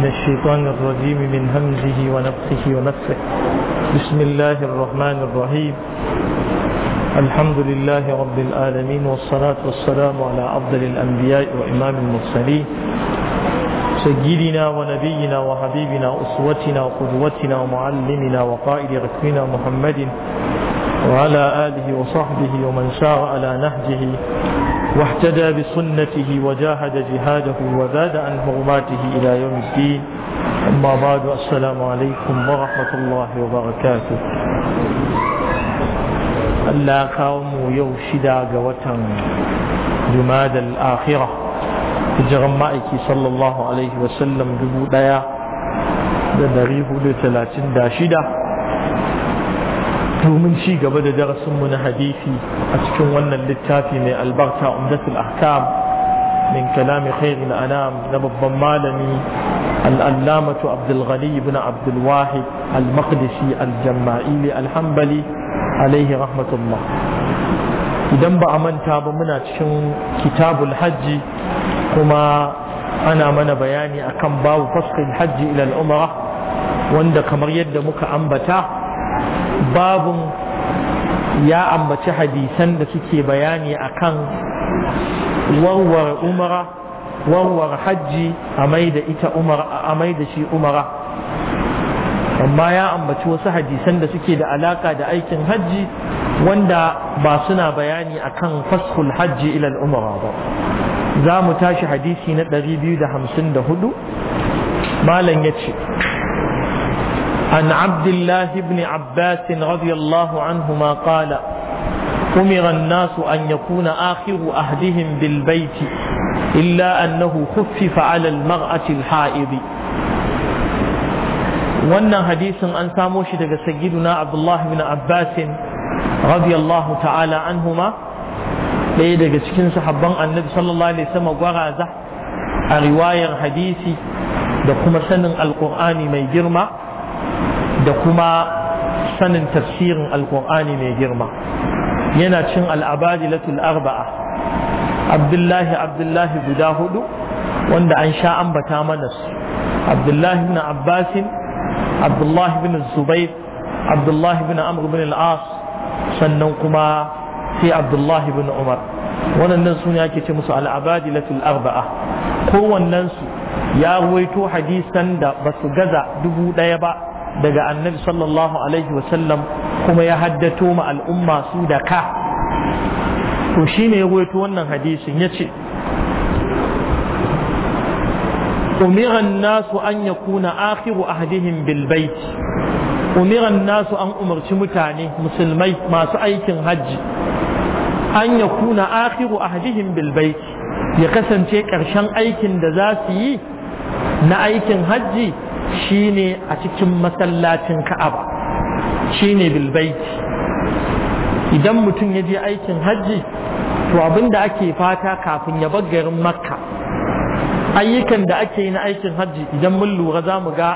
من الشيطان الرجيم من همزه ونفخه ونفخه بسم الله الرحمن الرحيم الحمد لله رب العالمين والصلاة والسلام على أفضل الأنبياء وإمام المرسلين سيدنا ونبينا وحبيبنا أسوتنا وقدوتنا ومعلمنا وقائد ركبنا محمد وعلى آله وصحبه ومن سار على نهجه واحتدى بسنته وجاهد جهاده وزاد عن حرماته إلى يوم الدين أما بعد السلام عليكم ورحمة الله وبركاته Allah kawo mu yau shida ga watan jumadal akhira hijiran ma'aiki sallallahu alaihi wasallam dubu ɗaya da hudu talatin da shida domin ci gaba da darasinmu na hadisi a cikin wannan littafi mai albarta umdatul ahkam min kalami khairin anam na babban malami al'allamatu abdulghani ibn abdulwahid al-maqdisi al-jamma'ili al-hambali alaihi rahmatullah idan ba a manta ba muna cikin kitabul hajji kuma ana mana bayani akan babu fasqil hajji ila al wanda kamar yadda muka ambata babun ya ambaci hadisan da suke bayani kan warware umara warware hajji a mai da ita umara a mai da shi umara amma ya ambaci wasu hadisan da suke da alaka da aikin hajji wanda ba suna bayani akan faskul hajji ilal umara ba za mu tashi hadisi na 254 malam ya ce عن عبد الله بن عباس رضي الله عنهما قال أمر الناس أن يكون آخر أهلهم بالبيت إلا أنه خفف على المرأة الحائض wannan hadisin an samo shi daga sayyiduna abdullahi bin abbasin radiyallahu ta'ala anhuma ɗaya daga cikin sahabban annabi sallallahu alaihi wasallam gwaraza a riwayar hadisi da kuma sanin alkur'ani mai girma da kuma sanin tafsirin alkur'ani mai girma yana cin al'abadi arba'a abdullahi abdullahi guda hudu wanda an sha ambata mana su abdullahi bin abbasin abdullahi bin zubair abdullahi bin amr bin al'as sannan kuma sai abdullahi bin umar waɗannan su ne ake ce musu al'abadilatul arba'a kowannensu ya ruwaito hadisan da ba su gaza dubu ɗaya ba daga annabi sallallahu alaihi wasallam kuma ya haddato ma al'umma su da ka to shine ya goyito wannan hadisin ya ce أمر الناس أن يكون آخر أهدهم بالبيت أمر الناس أن أمر متاني مسلمي ما سأيك هج أن يكون آخر أهدهم بالبيت يقسم شيء كرشان أيك دزاسي na aikin hajji shine a cikin masallacin ka'aba shine bilbaiti idan mutum ya je aikin hajji to abinda ake fata kafin ya bar garin makka ayyukan da ake yi na aikin hajji idan mun lura za mu ga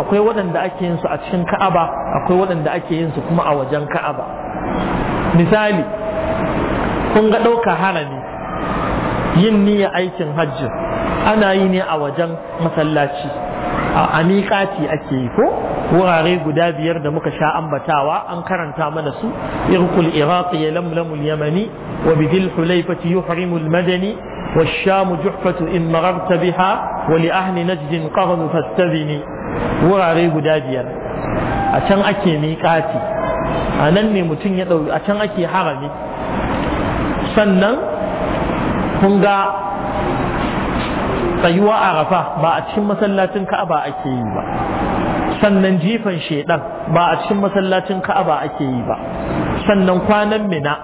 akwai waɗanda ake yin su a cikin ka'aba akwai waɗanda ake yin su kuma a wajen ka'aba misali kun ga ɗauka harami yin niyya aikin hajji ana yi ne a wajen masallaci a miƙati ake yi ko wurare guda biyar da muka sha ambatawa an karanta mana su irkul iraqi ya lamlamu yamani wa bidil hulaifati yuhrimu madani wa shamu juhfatu in mararta biha wa li ahli najdin qarnu fastabini wurare guda biyar a can ake miƙati a nan ne mutum ya ɗauki a can ake harami sannan kun ga tsayuwa a rafa ba a cikin masallacin ka'aba ake yi ba sannan jifan shedan ba a cikin masallacin ka'aba ake yi ba sannan kwanan mina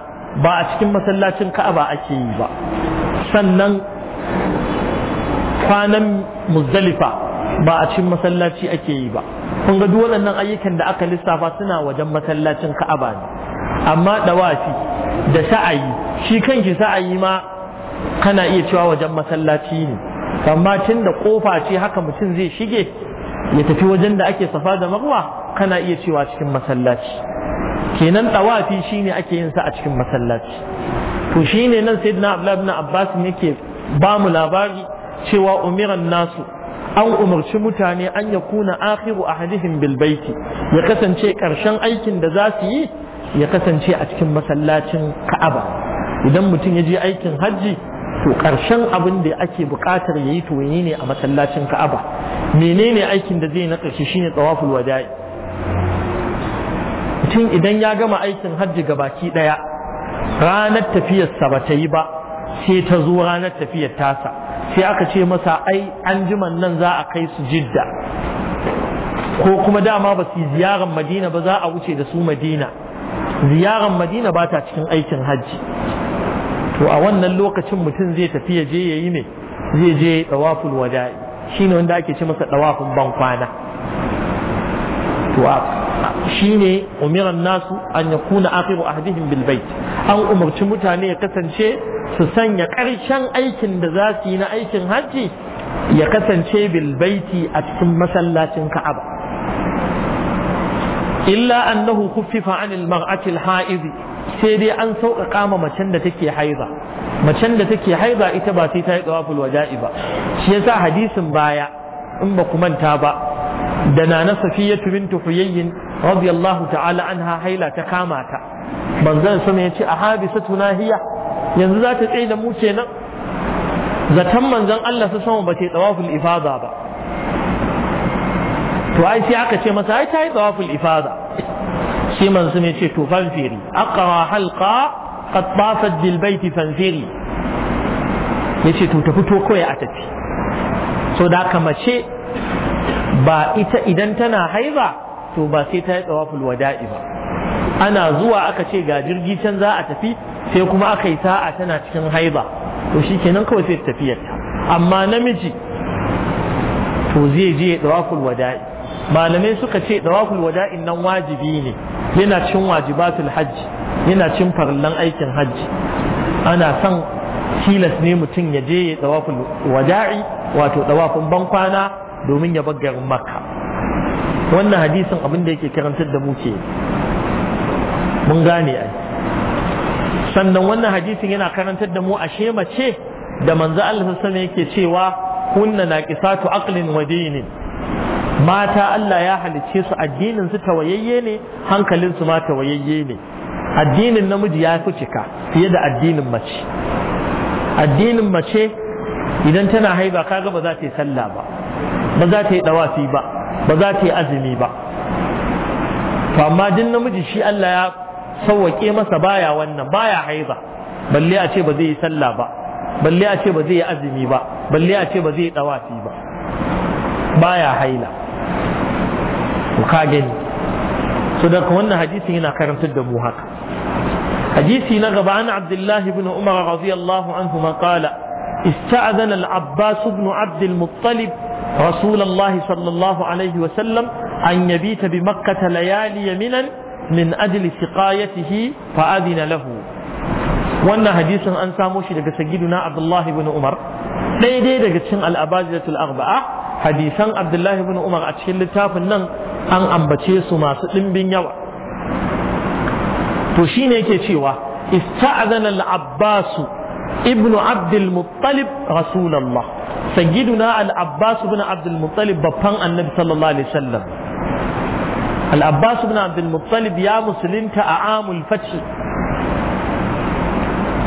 ba a cikin masallacin ka'aba ake yi ba sannan kwanan muzdalifa ba a cikin masallaci ake yi ba kun ga duk waɗannan ayyukan da aka lissafa suna wajen masallacin ka'aba ne amma dawafi da sa'ayi shi kanki sa'ayi ma kana iya cewa wajen masallaci ne amma tun da kofa ce haka mutum zai shige ya tafi wajen da ake safa da marwa kana iya cewa cikin masallaci kenan tawafi shine ake yin sa a cikin masallaci to shine nan na abdullahi ibn abbas ne ke ba mu labari cewa umiran nasu an umarci mutane an ya kuna akhiru ahadihim bil baiti ya kasance karshen aikin da za su yi ya kasance a cikin masallacin ka'aba idan mutum ya je aikin hajji to ƙarshen abin da ake buƙatar ya yi to ne a masallacin ka'aba menene aikin da zai na ƙarshe shine tsawaful wada'i mutum idan ya gama aikin hajji ga baki ɗaya ranar tafiyarsa ba ta yi ba sai ta zo ranar tafiyar tasa sai aka ce masa ai an jiman nan za a kai su jidda ko kuma dama ba su ziyarar madina ba za a wuce da su madina ziyarar madina ba ta cikin aikin hajji to a wannan lokacin mutum zai tafi ya je yayi ne zai je tawaful wada'i shine wanda ake ce masa tawafin ban kwana to shine umiran nasu an yakuna akhiru ahdihim bil bait an umarci mutane ya kasance su sanya karshen aikin da za su yi na aikin hajji ya kasance bil baiti a cikin masallacin ka'aba illa annahu kuffifa anil mar'atil ha'izi sai dai an sauƙaƙa ma macen da take haiza macen da take haiza ita ba sai ta yi tsawaful waja'i ba shi yasa hadisin baya in ba ku manta ba da nana safiyatu bintu huyayyin radiyallahu ta'ala anha haila ta kama ta manzon sama yace a habisatuna hiya yanzu za ta tsaye da mu kenan zaton manzon Allah sa sama ba ta yi tsawaful ifada ba to ai sai aka ce masa ai ta yi tsawaful ifada sai manzo ne ce to fanfiri aqra halqa qad tafat bil bait fanfiri yace to ta fito kawai a tafi so da haka mace ba ita idan tana haiba to ba sai ta yi tsawaful wada'i ba ana zuwa aka ce ga jirgi can za a tafi sai kuma aka yi sa'a tana cikin haiba to shi kenan kawai sai tafiyarta amma namiji to zai je dawakul wada'i malamai suka ce dawakul wada'in nan wajibi ne yana cin wajibatul hajji yana cin farallan aikin hajji ana son tilas ne mutum ya je ya tsawafin waja'i wato tsawafin bankwana domin ya bar garin wannan hadisin abin da yake karantar da mu ke mun gane ai sannan wannan hadisin yana karantar da mu ashe mace da manzo Allah sallallahu alaihi wasallam yake cewa kunna naqisatu aqlin wa dinin mata Allah ya halicce su addinin su tawayayye ne hankalin su ma tawayayye ne addinin namiji ya fi cika fiye da addinin mace addinin mace idan tana haiba kaga ba za ta yi sallah ba ba za ta yi dawafi ba ba za ta yi azumi ba to amma din namiji shi Allah ya sauwake masa baya wannan baya haiba balle a ce ba zai yi sallah ba balle a ce ba zai yi azumi ba balle a ce ba zai yi dawafi ba baya haila to ka gani so daga wannan hadisin yana karantar da mu haka hadisi na gaba an abdullahi ibn umar radiyallahu anhu ma qala استأذن العباس بن عبد المطلب رسول الله صلى الله عليه وسلم أن يبيت بمكة ليالي يمنا من أجل سقايته فأذن له وأن حديث أن ساموش لك سيدنا عبد الله بن عمر daidai daga cikin al'abajiyatul arba'a hadisan abdullahi bin umar a cikin littafin nan an ambace su masu ɗimbin yawa to shi ne yake cewa ista'adana al-abbas ibn abd al-muttalib rasulullah sayyiduna al-abbas ibn Abdul al-muttalib babban annabi sallallahu alaihi wasallam al-abbas ibn Abdul al-muttalib ya musulunta a amul fath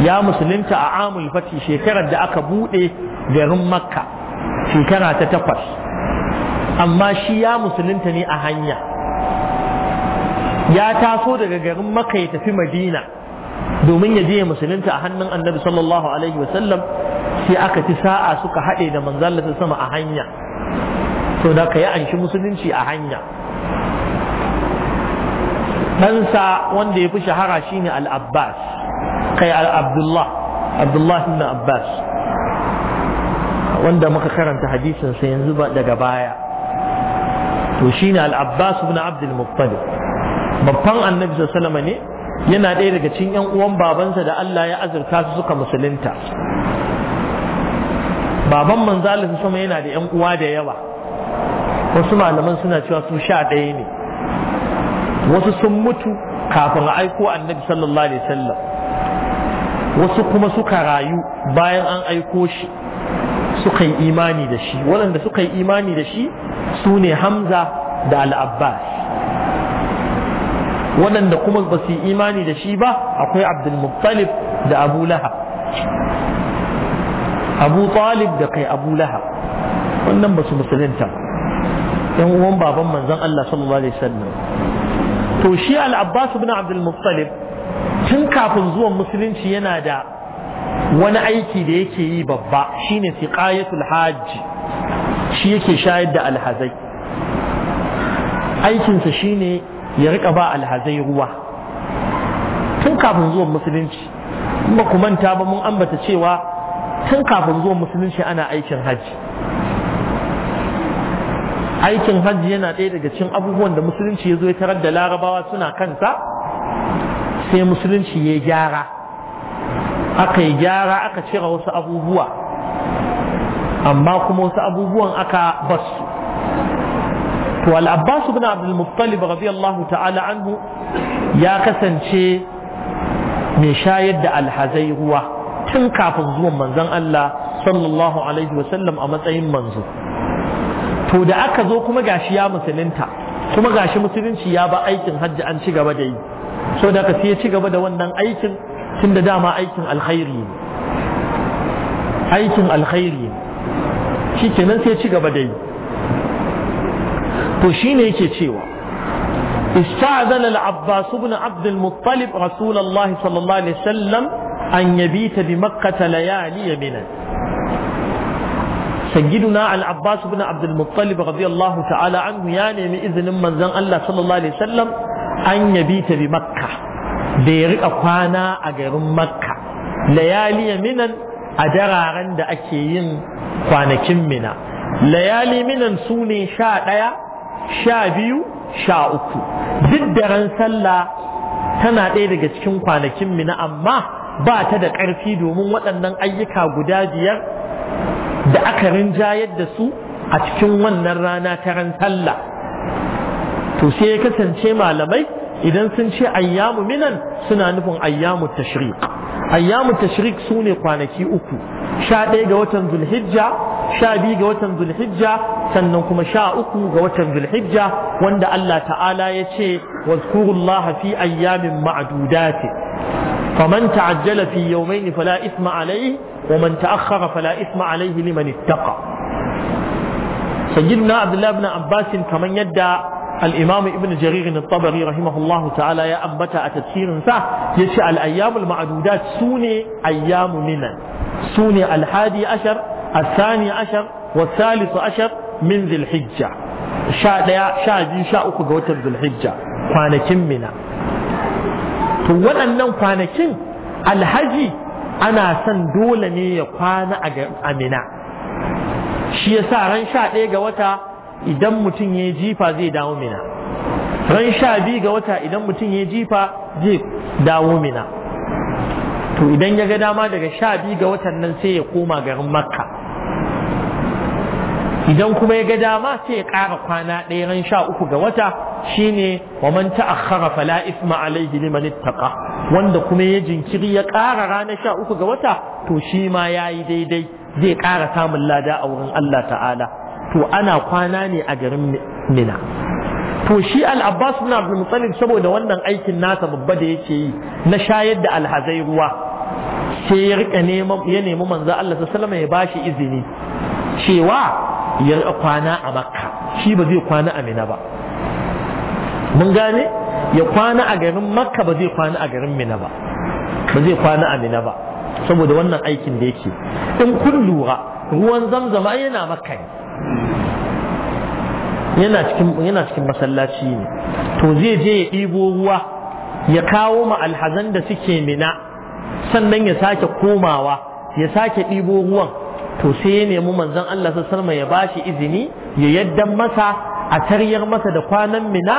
ya musulunta a amul fath shekarar da aka bude garin makka shekara ta takwas amma shi ya musulunta ne a hanya ya taso daga garin maka ya tafi madina domin ya je ya musulunta a hannun annabi sallallahu alaihi wasallam sai aka ci sa'a suka haɗe da manzalla sama a hanya to da ka yi anshi musulunci a hanya ɗansa wanda ya fi shahara shine al-abbas kai al-abdullah abdullah ibn abbas wanda muka karanta hadisin sai yanzu daga baya to shine al-Abbas ibn Abd al-Muttalib babban annabi sallallahu alaihi ne yana ɗaya daga cikin ƴan uwan babansa da Allah ya azurta su suka musulunta baban manzo Allah sama yana da ƴan uwa da yawa wasu malaman suna cewa su sha ɗaya ne wasu sun mutu kafin a aiko annabi sallallahu alaihi wasallam wasu kuma suka rayu bayan an aiko shi suka yi imani da shi waɗanda suka yi imani da shi su ne hamza da al'abbas waɗanda kuma ba su yi imani da shi ba akwai abdulmuttalib da abu lahab abu talib da kai abu lahab wannan ba su musulunta yan uwan baban manzon Allah sallallahu alaihi wasallam to shi al-abbas ibn abdul muttalib tun kafin zuwan musulunci yana da wani aiki da yake yi babba shine siqayatul hajji shi yake shayar da alhazai aikinsa shine ya rika ba alhazai ruwa tun kafin zuwan musulunci ba ku manta ba mun ambata cewa tun kafin zuwan musulunci ana aikin hajji aikin hajji yana ɗaya daga cikin abubuwan da musulunci ya zo ya tarar da larabawa suna kansa sai musulunci ya gyara aka yi gyara aka cire wasu abubuwa amma kuma wasu abubuwan aka basu to al-abbas ibn abdul muttalib radiyallahu ta'ala anhu ya kasance mai shayar da alhazai ruwa tun kafin zuwan manzon Allah sallallahu alaihi sallam a matsayin manzo to da aka zo kuma gashi ya musulunta kuma gashi musulunci ya ba aikin hajji an ci gaba da yi so da ka sai ya ci gaba da wannan aikin tun da dama aikin alkhairi ne aikin alkhairi ne shi kenan sai ci gaba da yi to shine yake cewa استعذن العباس بن عبد المطلب رسول الله صلى الله عليه وسلم أن يبيت بمكة ليالي يمنا سيدنا العباس بن عبد المطلب رضي الله تعالى عنه يعني بإذن من زن الله صلى الله عليه وسلم أن يبيت بمكة da ya riƙa kwana a garin makka layali minan a dararen da ake yin kwanakin mina layali minan sune ne sha ɗaya sha biyu sha uku duk sallah tana ɗaya daga cikin kwanakin mina amma ba ta da ƙarfi domin waɗannan ayyuka guda biyar da aka rinjayar da su a cikin wannan rana ta ran sallah to sai ya kasance malamai idan sun ce ayyamu minan suna nufin ayyamu tashriq ayyamu tashriq sune kwanaki uku sha ɗaya ga watan zulhijja sha biyu ga watan zulhijja sannan kuma sha uku ga watan zulhijja wanda Allah ta'ala ya ce wazkurullaha fi ayyamin ma'dudati faman ta'ajjala fi yawmayn fala isma alayhi wa man ta'akhkhara fala isma alayhi liman ittaqa sayyidina abdullah ibn abbas kaman yadda al-imam ibn jarir at-tabari rahimahullahu ta'ala ya ambata a tafsirin sa yace al-ayyamul ma'dudat sune ayyamu minan sune al-hadi ashar الثاني ashar والثالث ashar min ذي الحجة sha ɗaya sha biyu sha uku ga watan zulhijja kwanakin mina to waɗannan kwanakin alhaji ana son dole ne ya kwana a mina shi yasa ran sha ɗaya ga wata idan mutum ya jifa zai dawo mina ran sha biyu ga wata idan mutum ya jifa zai dawo mina to idan ya ga dama daga sha biyu ga watan nan sai ya koma garin makka idan kuma ya ga dama sai ya ƙara kwana ɗaya ran sha uku ga wata shine wa man ta'akhkhara fala isma alayhi liman ittaqa wanda kuma ya jinkiri ya ƙara ranar sha uku ga wata to shi ma yayi daidai zai ƙara samun lada a wurin Allah ta'ala to ana kwana ne a garin mina to shi al-abbas ibn abdul saboda wannan aikin nasa babba da yake yi na shayar da alhazai ruwa sai ya rika neman ya nemi manzo Allah sallallahu ya bashi izini cewa ya rika kwana a makka shi ba zai kwana a mina ba mun gane ya kwana a garin makka ba zai kwana a garin mina ba ba zai kwana a mina ba saboda wannan aikin da yake in kun lura ruwan zamzama yana makka ne yana cikin masallaci ne to zai je ya ɗibo ruwa ya kawo ma alhazan da suke mina sannan ya sake komawa ya sake ɗibo ruwan to sai ya nemi manzon Allah sallallahu ya bashi izini ya yadda masa a taryar masa da kwanan mina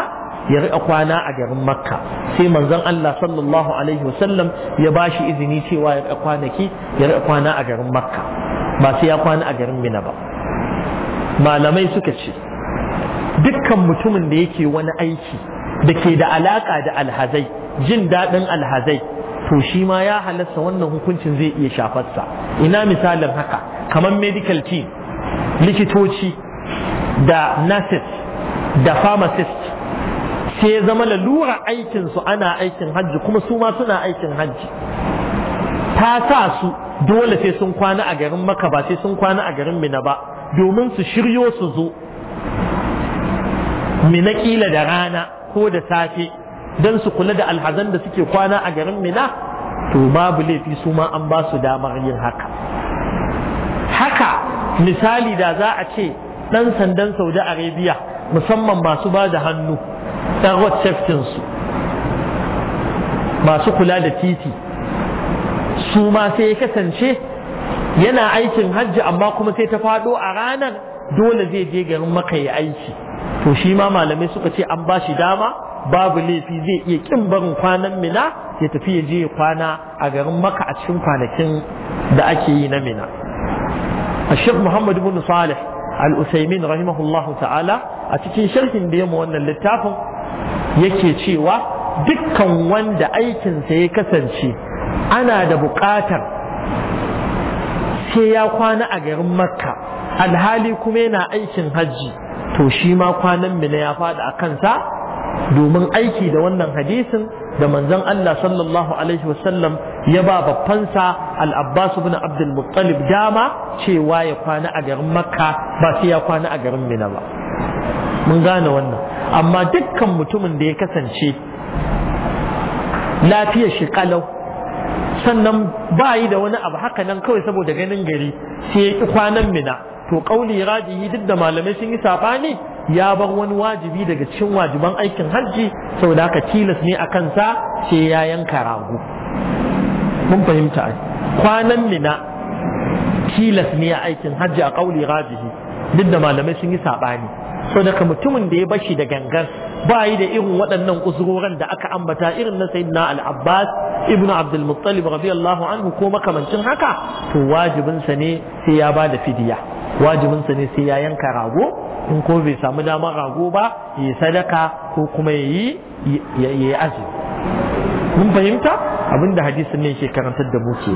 ya riƙa kwana a garin makka sai manzon Allah sallallahu alaihi wasallam ya bashi izini cewa ya riƙa kwanaki ya riƙa kwana a garin makka ba sai ya kwana a garin mina ba malamai suka ce dukkan mutumin da yake wani aiki da ke da alaka da alhazai jin daɗin alhazai to shi ma ya halasta wannan hukuncin zai iya shafarsa ina misalin haka kamar medical team likitoci da nurses da pharmacist sai zama lalura aikinsu ana aikin hajji kuma su ma suna aikin hajji ta sa su dole sai sun kwana a garin maka ba sai sun kwana a garin mina ba domin su shiryo su zo mina kila da rana ko da safe don su kula da alhazan da suke kwana a garin mina to babu laifi su ma an ba su damar yin haka haka misali da za a ce ɗan sandan saudi arabia musamman masu ba da hannu ɗan road su masu kula da titi su ma sai ya kasance yana aikin hajji amma kuma sai ta faɗo a ranar dole zai je garin maka ya aiki to shi ma malamai suka ce an ba shi dama babu laifi zai iya kin barin kwanan mina ya tafi ya je ya kwana a garin maka a cikin kwanakin da ake yi na mina الشيخ محمد al usaimin الأسيمين ta'ala a cikin sharhin da ديما wannan littafin yake cewa dukkan wanda aikinsa ya kasance ana da buƙatar sai ya kwana a garin makka alhali kuma yana aikin hajji to shi ma kwanan mina ya faɗi a kansa domin aiki da wannan hadisin da manzon Allah sallallahu alaihi wasallam ya ba babbansa al-Abbas ibn Abdul Muttalib dama cewa ya kwana a garin Makka ba sai ya kwana a garin Mina ba mun gane wannan amma dukkan mutumin da ya kasance lafiyar shi kalau sannan ba yi da wani abu haka nan kawai saboda ganin gari sai ya kwanan mina to kauli radihi duk da malamai sun yi saɓani ya bar wani wajibi daga cikin wajiban aikin hajji saboda haka tilas ne a kansa sai ya yanka rago mun fahimta ai kwanan mina tilas ne a aikin hajji a kauli radihi duk da malamai sun yi sabani saboda mutumin da ya bashi da gangar ba yi da irin waɗannan uzurorin da aka ambata irin na sayyidina al-abbas ibnu abdul muttalib radiyallahu anhu ko makamancin haka to wajibin sa ne sai ya bada fidiya wajibin sa ne sai ya yanka rago in ko bai samu damar rago ba ya sadaka ko kuma ya yi azumi mun fahimta abinda hadisin ne ke karantar da mu ke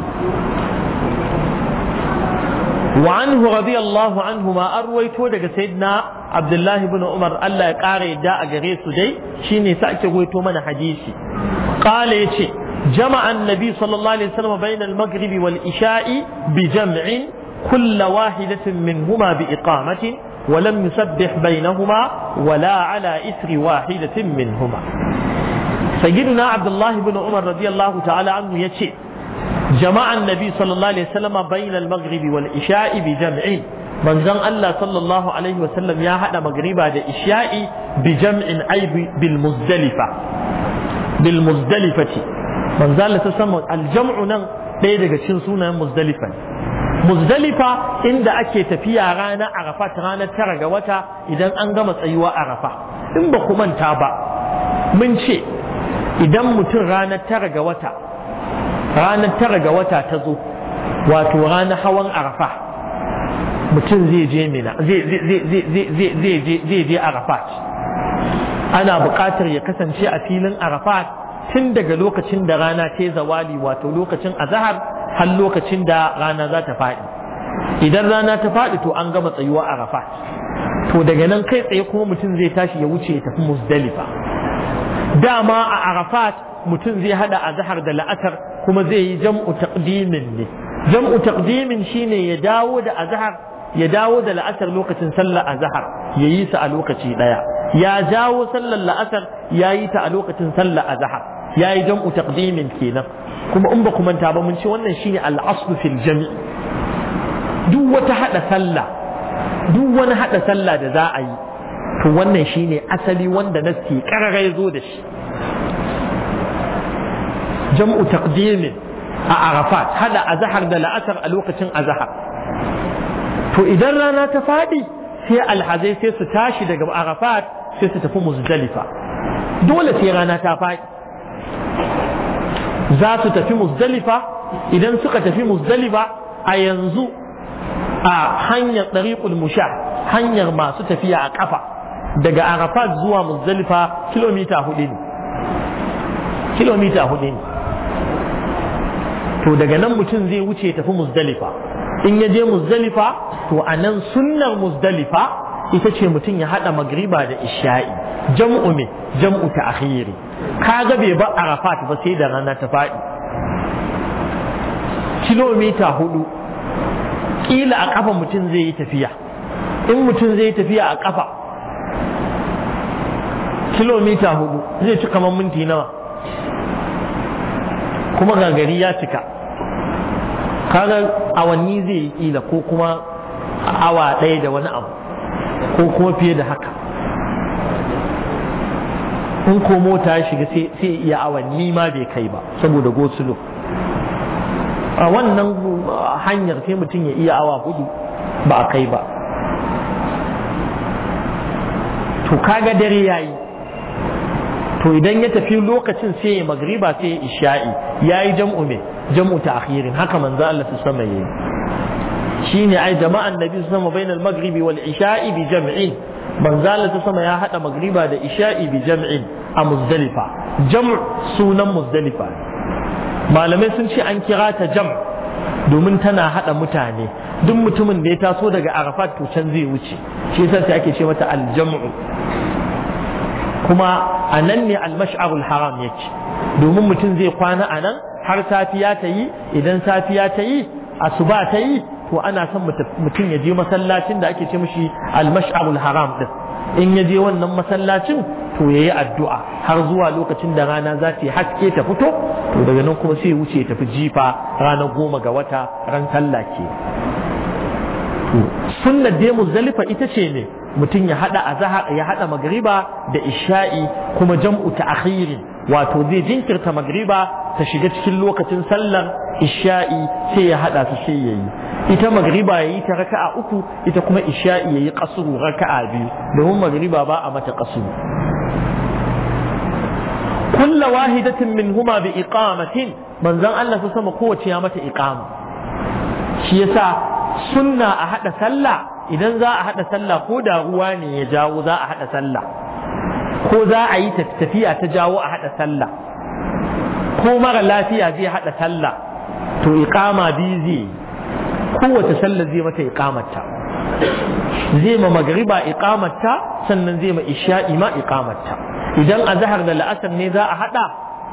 وعنه رضي الله عنهما أرويته دك سيدنا عبد الله بن عمر ألا قاري داء غريس دي شيني سأكويته من حديثي قال يشي جمع النبي صلى الله عليه وسلم بين المغرب والعشاء بجمع كل واحدة منهما بإقامة ولم يسبح بينهما ولا على إثر واحدة منهما سيدنا عبد الله بن عمر رضي الله تعالى عنه يتشئ جمع النبي صلى الله عليه وسلم بين المغرب والعشاء بجمع من زن الله صلى الله عليه وسلم يا هذا مغربا دا إشياء بجمع أي بالمزدلفة بالمزدلفة manzo Allah ta san aljam'u nan ɗaya daga cikin sunayen muzdalifa muzdalifa inda ake tafiya ranar arafat ranar tara ga wata idan an gama tsayuwa arafa in ba ku manta ba mun ce idan mutum ranar tara ga wata ranar tara ga wata ta zo wato ranar hawan arafa mutum zai je mina zai je arafat ana buƙatar ya kasance a filin arafat tun daga lokacin da rana ce zawali wato lokacin azahar har lokacin da rana za ta faɗi idan rana ta faɗi to an gama tsayuwa a rafa to daga nan kai tsaye kuma mutum zai tashi ya wuce ya tafi musdalifa dama a arafat mutum zai hada azahar da la'asar kuma zai yi jam'u taqdimin ne jam'u taqdimin shine ya dawo da azahar. ya dawo da la'asar lokacin sallar azhar ya yi su a lokaci daya ya jawo sallar la'asar ya yi ta a lokacin sallar azhar ya yi jam'u taqdimin kenan kuma in ba ku manta ba mun ce wannan shine al-aslu fil jami' duk wata hada sallah duk wani hada sallah da za a yi to wannan shine asali wanda nasti karara ya zo da shi jam'u taqdimin a arafat hada azhar da la'asar a lokacin azhar to idan rana ta faɗi sai alhazai sai su tashi daga arafat sai su tafi muzdalifa dole sai rana ta faɗi za su tafi muzdalifa idan suka tafi muzdalifa a yanzu a hanyar ɗariƙul musha hanyar masu tafiya a ƙafa daga arafat zuwa muzdalifa kilomita hudu ne kilomita hudu ne to daga nan mutum zai wuce tafi muzdalifa in ya je muzdalifa to a nan sunnar muzdalifa ita ce mutum ya haɗa magriba da isha'i jam'u ne, jam'u ta akhiri ga bai ba arafat ba sai da rana ta faɗi kilomita hudu kila a kafa mutum zai yi tafiya in mutum zai yi tafiya a kafa kilomita hudu zai ci kamar minti nawa kuma gagari ya cika kaga awanni zai yi kila ko kuma awa ɗaya da wani abu ko kuma fiye da haka in ko mota ya shiga sai iya awanni ma bai kai ba saboda gosulo a wannan hanyar sai mutum ya iya awa hudu ba a kai ba to kaga dare ya yi to idan ya tafi lokacin sai ya magriba sai ya isha'i yayi jam'u mai jam'u ta ta'khirin haka manzo Allah su sama yayi shine ai jama'an nabi sama bainal maghribi wal isha'i bi jam'in manzo Allah su sama ya hada maghriba da isha'i bi jam'in a muzdalifa jam' sunan muzdalifa malamai sun ce an kira ta jam' domin tana hada mutane duk mutumin da ya taso daga arafat to can zai wuce shi yasa sai ake ce mata Al jam'u kuma anan nan ne masharul haram yake domin mutum zai kwana a nan har safiya ta yi idan safiya ta yi asuba ta yi to ana son mutum ya je masallacin da ake ce mishi almasharul haram din in ya je wannan masallacin to yayi addu'a har zuwa lokacin da rana za ta haske ta fito to daga nan kuma sai wuce ya tafi jifa ranar goma ga wata ran sallah ke sunnar dai muzdalifa ita ce ne mutum ya hada azhar ya hada magriba da isha'i kuma jam'u ta'khiri wato zai jinkirta magriba ta shiga cikin lokacin sallar isha'i sai ya hada su sai yayi ita magriba yayi ta raka'a uku ita kuma isha'i yayi qasru raka'a biyu domin magriba ba a mata qasru kullu wahidatin minhuma bi iqamatin manzon Allah sama kowace ya mata iqama shi yasa sunna a haɗa sallah idan za a haɗa sallah ko da ruwa ne ya jawo za a haɗa sallah ko za a yi tafiya ta jawo a haɗa sallah ko mara lafiya zai haɗa sallah to iqama biyu zai kowace sallah zai mata iqamarta zai ma magriba iqamarta sannan zai ma isha'i ma iqamarta idan azhar da la'asar ne za a haɗa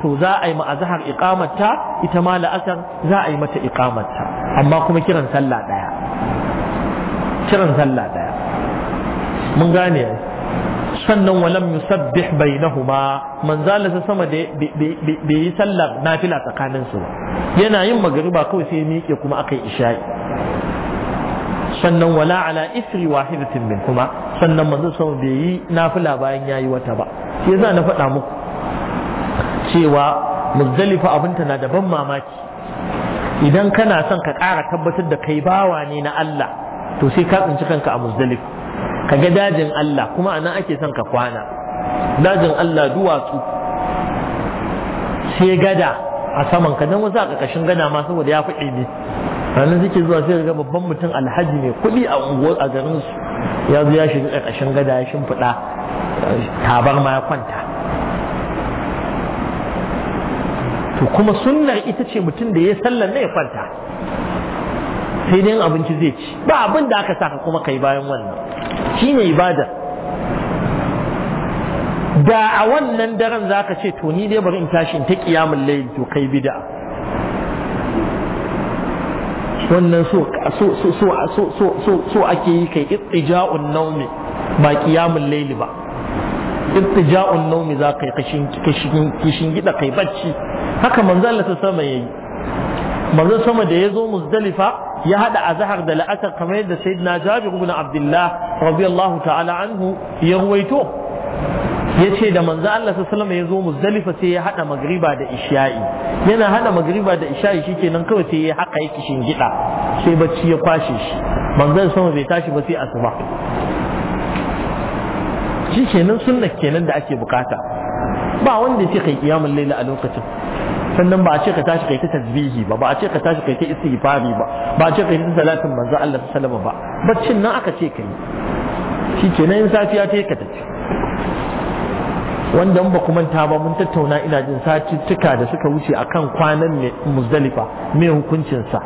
to za a yi ma azhar ita ma la'asar za a yi mata iqamata amma kuma kiran sallah daya kiran sallah daya mun gane sannan walam yusabbih bainahuma manzala sa sama da bai yi sallar nafila tsakanin su ba yana yin magariba kawai sai ya miƙe kuma akai isha'i sannan wala ala isri wahidatin min kuma sannan manzo sama bai yi nafila bayan yayi wata ba sai za na faɗa muku cewa muzdalifa abinta na daban mamaki idan kana son ka ƙara tabbatar da kai bawa ne na Allah to sai ka tsinci kanka a muzdalifa ka ga dajin Allah kuma a nan ake son ka kwana dajin Allah duwatsu sai gada a saman ka dan wasu a ƙarƙashin gada ma saboda ya fi ne ranar suke zuwa sai ga babban mutum alhaji mai kuɗi a unguwar a garin su ya zo ya shiga ƙarƙashin gada ya shimfiɗa tabar ma ya kwanta to kuma sunnar ita ce mutum da ya sallar na ya kwanta sai dai abinci zai ci ba abin da aka saka kuma kai bayan wannan ne ibada da a wannan daren zaka ce to ni dai bari in tashi in ta kiyamul layl to kai bid'a wannan so so so so so so ake yi kai ittija'un ba kiyamul layl ba irtija'un naumi za kai kashin kashin kishin gida kai bacci haka manzo Allah ta sama yayi manzo sama da yazo muzdalifa ya hada azhar da la'asar kamar yadda sayyidina Jabir ibn Abdullah radiyallahu ta'ala anhu ya ruwaito yace da manzo Allah ta sallama yazo muzdalifa sai ya hada magriba da isha'i yana hada magriba da isha'i shikenan kawai sai ya haka yake kishin gida sai bacci ya kwashe shi manzo sama bai tashi ba sai asuba shi kenan sunna kenan da ake bukata ba wanda ce kai kiyamul laila a lokacin sannan ba a ce ka tashi kai ta tasbihi ba ba a ce ka tashi kai ta istighfari ba ba a ce kai ta salatin manzo Allah sallama ba baccin nan aka ce kai shi kenan in safiya ta ka tafi wanda ba kuma ta ba mun tattauna ina jin tuka da suka wuce akan kwanan muzdalifa me hukuncin sa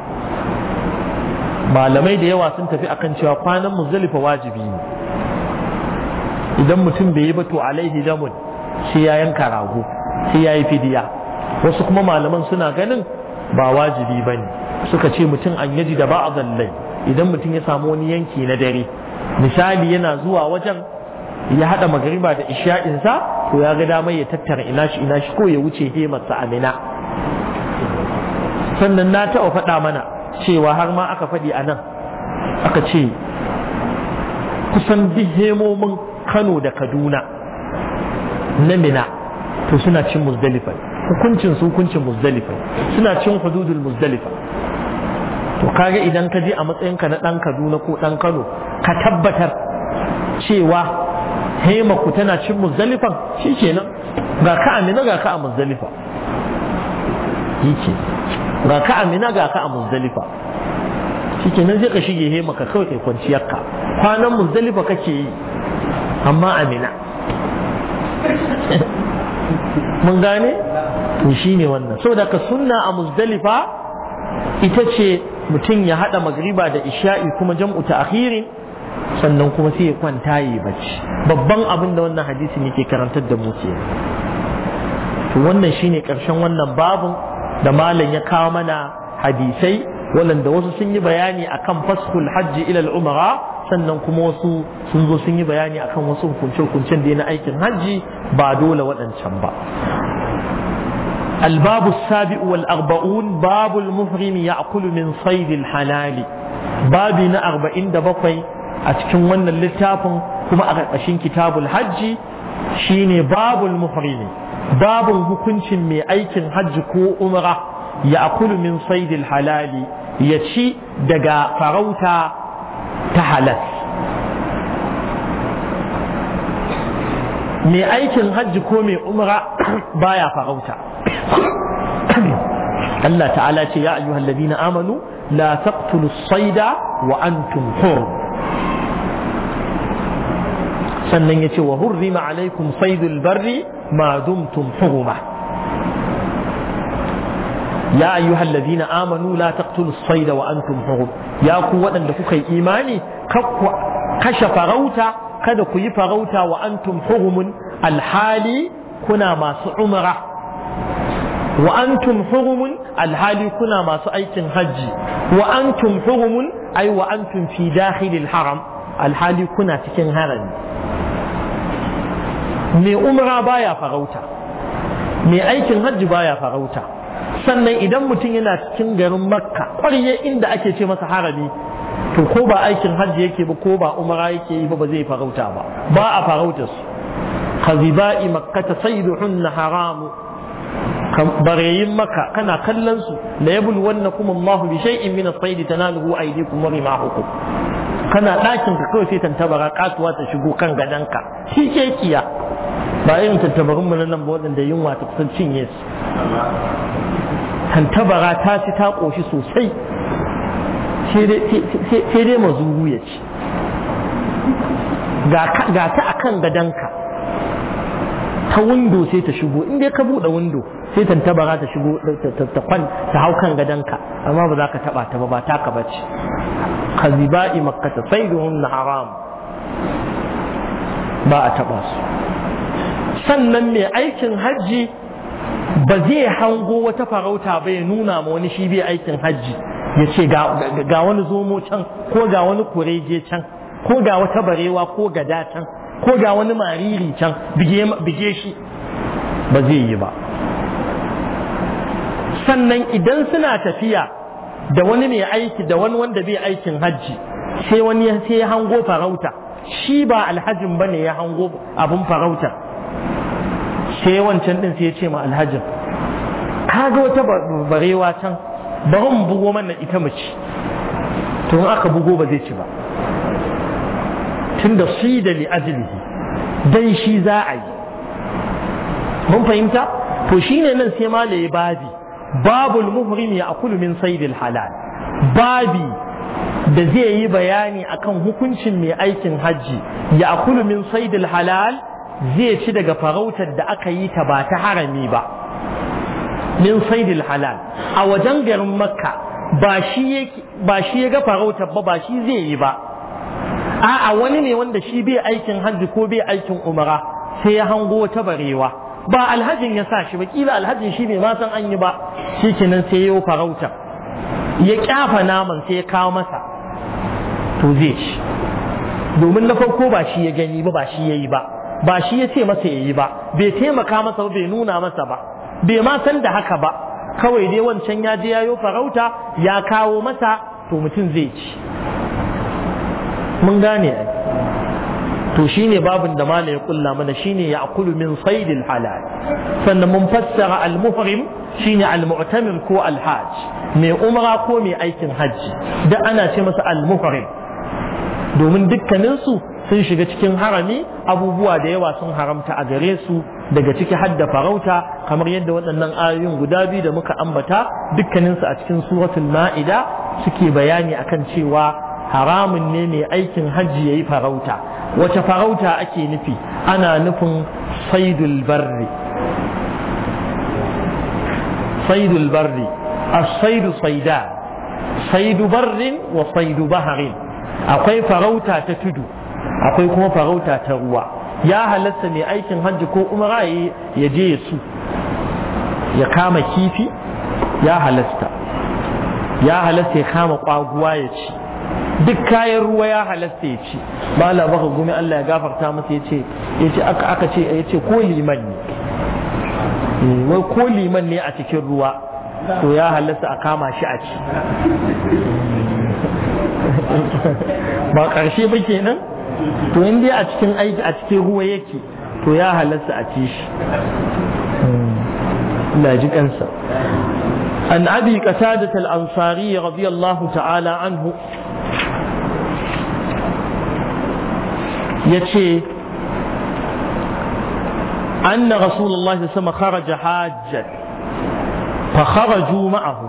malamai da yawa sun tafi akan cewa kwanan muzdalifa wajibi ne idan mutum bai yi ba to alaihi damun sai ya yanka rago sai ya yi fidiya wasu kuma malaman suna ganin ba wajibi ba ne suka ce mutum an yaji da ba a zallai idan mutum ya samu wani yanki na dare misali yana zuwa wajen ya haɗa magariba da isha'insa to ya ga damar ya tattara ina shi ina shi ko ya wuce hemarsa amina sannan na taɓa faɗa mana cewa har ma aka faɗi a nan aka ce kusan duk hemomin kano da kaduna na mina to suna cin muzdalifa hukuncin su hukuncin muzdalifa suna cin hududul muzdalifa to kaga idan ka je a matsayinka na dan kaduna ko dan kano ka tabbatar cewa ku tana cin muzdalifan shi kenan ga ka amina ga ka a muzdalifa shi ga ka amina ga ka a muzdalifa shi kenan zai ka shige ka kawai kai kwanciyarka kwanan muzdalifa kake yi amma amina mun gane to shine wannan saboda ka sunna a muzdalifa ita ce mutum ya hada magriba da isha'i kuma jam'u akhiri sannan kuma sai ya kwanta yi bacci babban abin da wannan hadisin yake karantar da mu ke to wannan shine karshen wannan babun da malam ya kawo mana hadisai waɗanda wasu sun yi bayani a kan faskul hajji ilal umra, sannan kuma wasu sun zo sun yi bayani a kan wasu hukunce-hukuncen da yi na aikin hajji ba dole waɗancan ba albabu sabi wal arba'un babu muhrim ya akulu min saidil halali babi na arba'in da bakwai a cikin wannan littafin kuma a ƙarƙashin kitabul hajji shine babul muhrim babu hukuncin mai aikin hajji ko umra, ya akulu min saidil halali ya ci daga farauta ta halas mai aikin hajji ko mai umra baya farauta Allah ta'ala ce ya ayyuhal ladina amanu la taqtulu saida wa antum hur sannan yace wa hurrima alaikum saidul barri ma dumtum huruma ya ayyuhal na amanu la taqtulu as-sayda wa hurum ya ku waɗanda kuka yi imani kakku kashe farauta kada ku yi farauta wa antum hurumun alhali kuna masu umra wa antum hurumun alhali kuna masu aikin hajji wa antum hurumun ai wa antum fi dakhilil haram alhali kuna cikin harami mai umra baya farauta mai aikin hajji baya farauta sannan idan mutum yana cikin garin makka ƙwarye inda ake ce masa harami to ko ba aikin hajji yake ba ko ba umara yake yi ba ba zai farauta ba ba a farauta su kaziba'i makkata sayyiduhunna haramu barayin maka kana kallon su la yabul wanna kuma Allah bi shay'in min as-sayd tanaluhu aydikum wa rimahukum kana ɗakin ka kawai sai tantabara kasuwa ta shigo kan ka shi ke kiya ba irin tantabarun mu nan ba waɗanda yunwa ta kusan cinye su tantabara ta ci ta koshi sosai sai dai mazuru ya ci ga ta akan ka ta window sai ta shigo in dai ka buɗe window sai za ta shigo ta kwan ta hau kan gadonka amma ba za ka taba ta ba ba taka bace kaziba'i makkata saiduhum na haram ba a taba su sannan mai aikin hajji ba zai hango wata farauta ba ya nuna ma wani shi bai aikin hajji ya ce ga wani zomo can ko ga wani kurege can ko ga wata barewa ko gada can ko ga wani mariri can bige shi ba zai yi ba sannan idan suna tafiya da wani mai aiki da wani wanda bai aikin hajji sai wani sai ya hango farauta shi ba alhajin ba ne ya hango abin farauta sai wancan din sai ya ce ma alhajin ka ga wata barewa can ba mu bugo mana ita mace, to in aka bugo ba zai ci ba tunda shi da li ajlihi dan shi za a yi mun fahimta to shine nan sai ma ya babi babul muhrim ya akulu min saidil halal babi da zai yi bayani akan hukuncin mai aikin hajji ya akulu min saidil halal zai ci daga farautar da aka yi ta ba ta harami ba min saidil halal a wajen garin makka ba shi ya ga farautar ba ba shi zai yi ba a'a wani ne wanda shi bai aikin hajji ko bai aikin umara sai ya hango ta barewa ba alhajin ya sa shi ba kila alhajin shi ne ma san an yi ba shi kenan sai ya farauta ya kyafa naman sai ya kawo masa to zai ci domin na farko ba shi ya gani ba ba shi ya yi ba ba shi ya ce masa ya yi ba bai taimaka masa ba bai nuna masa ba bai ma san da haka ba kawai dai wancan ya je yayo farauta ya kawo masa to mutum zai ci mun gane to shine babin da mala ya kulla mana shine ya akulu min saidil halal sannan mun fassara al-muhrim shine al-mu'tamir ko al-hajj mai umra ko mai aikin hajji da ana ce masa al-muhrim domin dukkaninsu sun shiga cikin harami abubuwa da yawa sun haramta a gare su daga ciki hadda farauta kamar yadda waɗannan ayoyin guda biyu da muka ambata dukkaninsu a cikin suratul ma'ida suke bayani akan cewa haramun ne mai aikin hajji yayi farauta wace farauta ake nufi ana nufin saidul barri saidul saidu saida saidu barrin wa saidu baharin akwai farauta ta tudu akwai kuma farauta ta ruwa ya halatta mai aikin hajji ko umara ya je su ya kama kifi ya halatta ya halatta ya kama kwaguwa ya ci duk kayan ruwa ya halasta ya ci la baka gumi Allah ya gafarta masa ya ce ya ce aka ce ya ce ko liman ne eh, wai ko liman ne a cikin ruwa to ya halasta a kama shi a ci ba ƙarshe ba kenan to in dai a cikin aiki a cikin ruwa yake to ya halasta a ci shi hmm. Allah ji kansa عن أبي قتادة الأنصاري رضي الله تعالى عنه yace anna rasulullahi sallallahu kharaja hajjan fa kharaju ma'ahu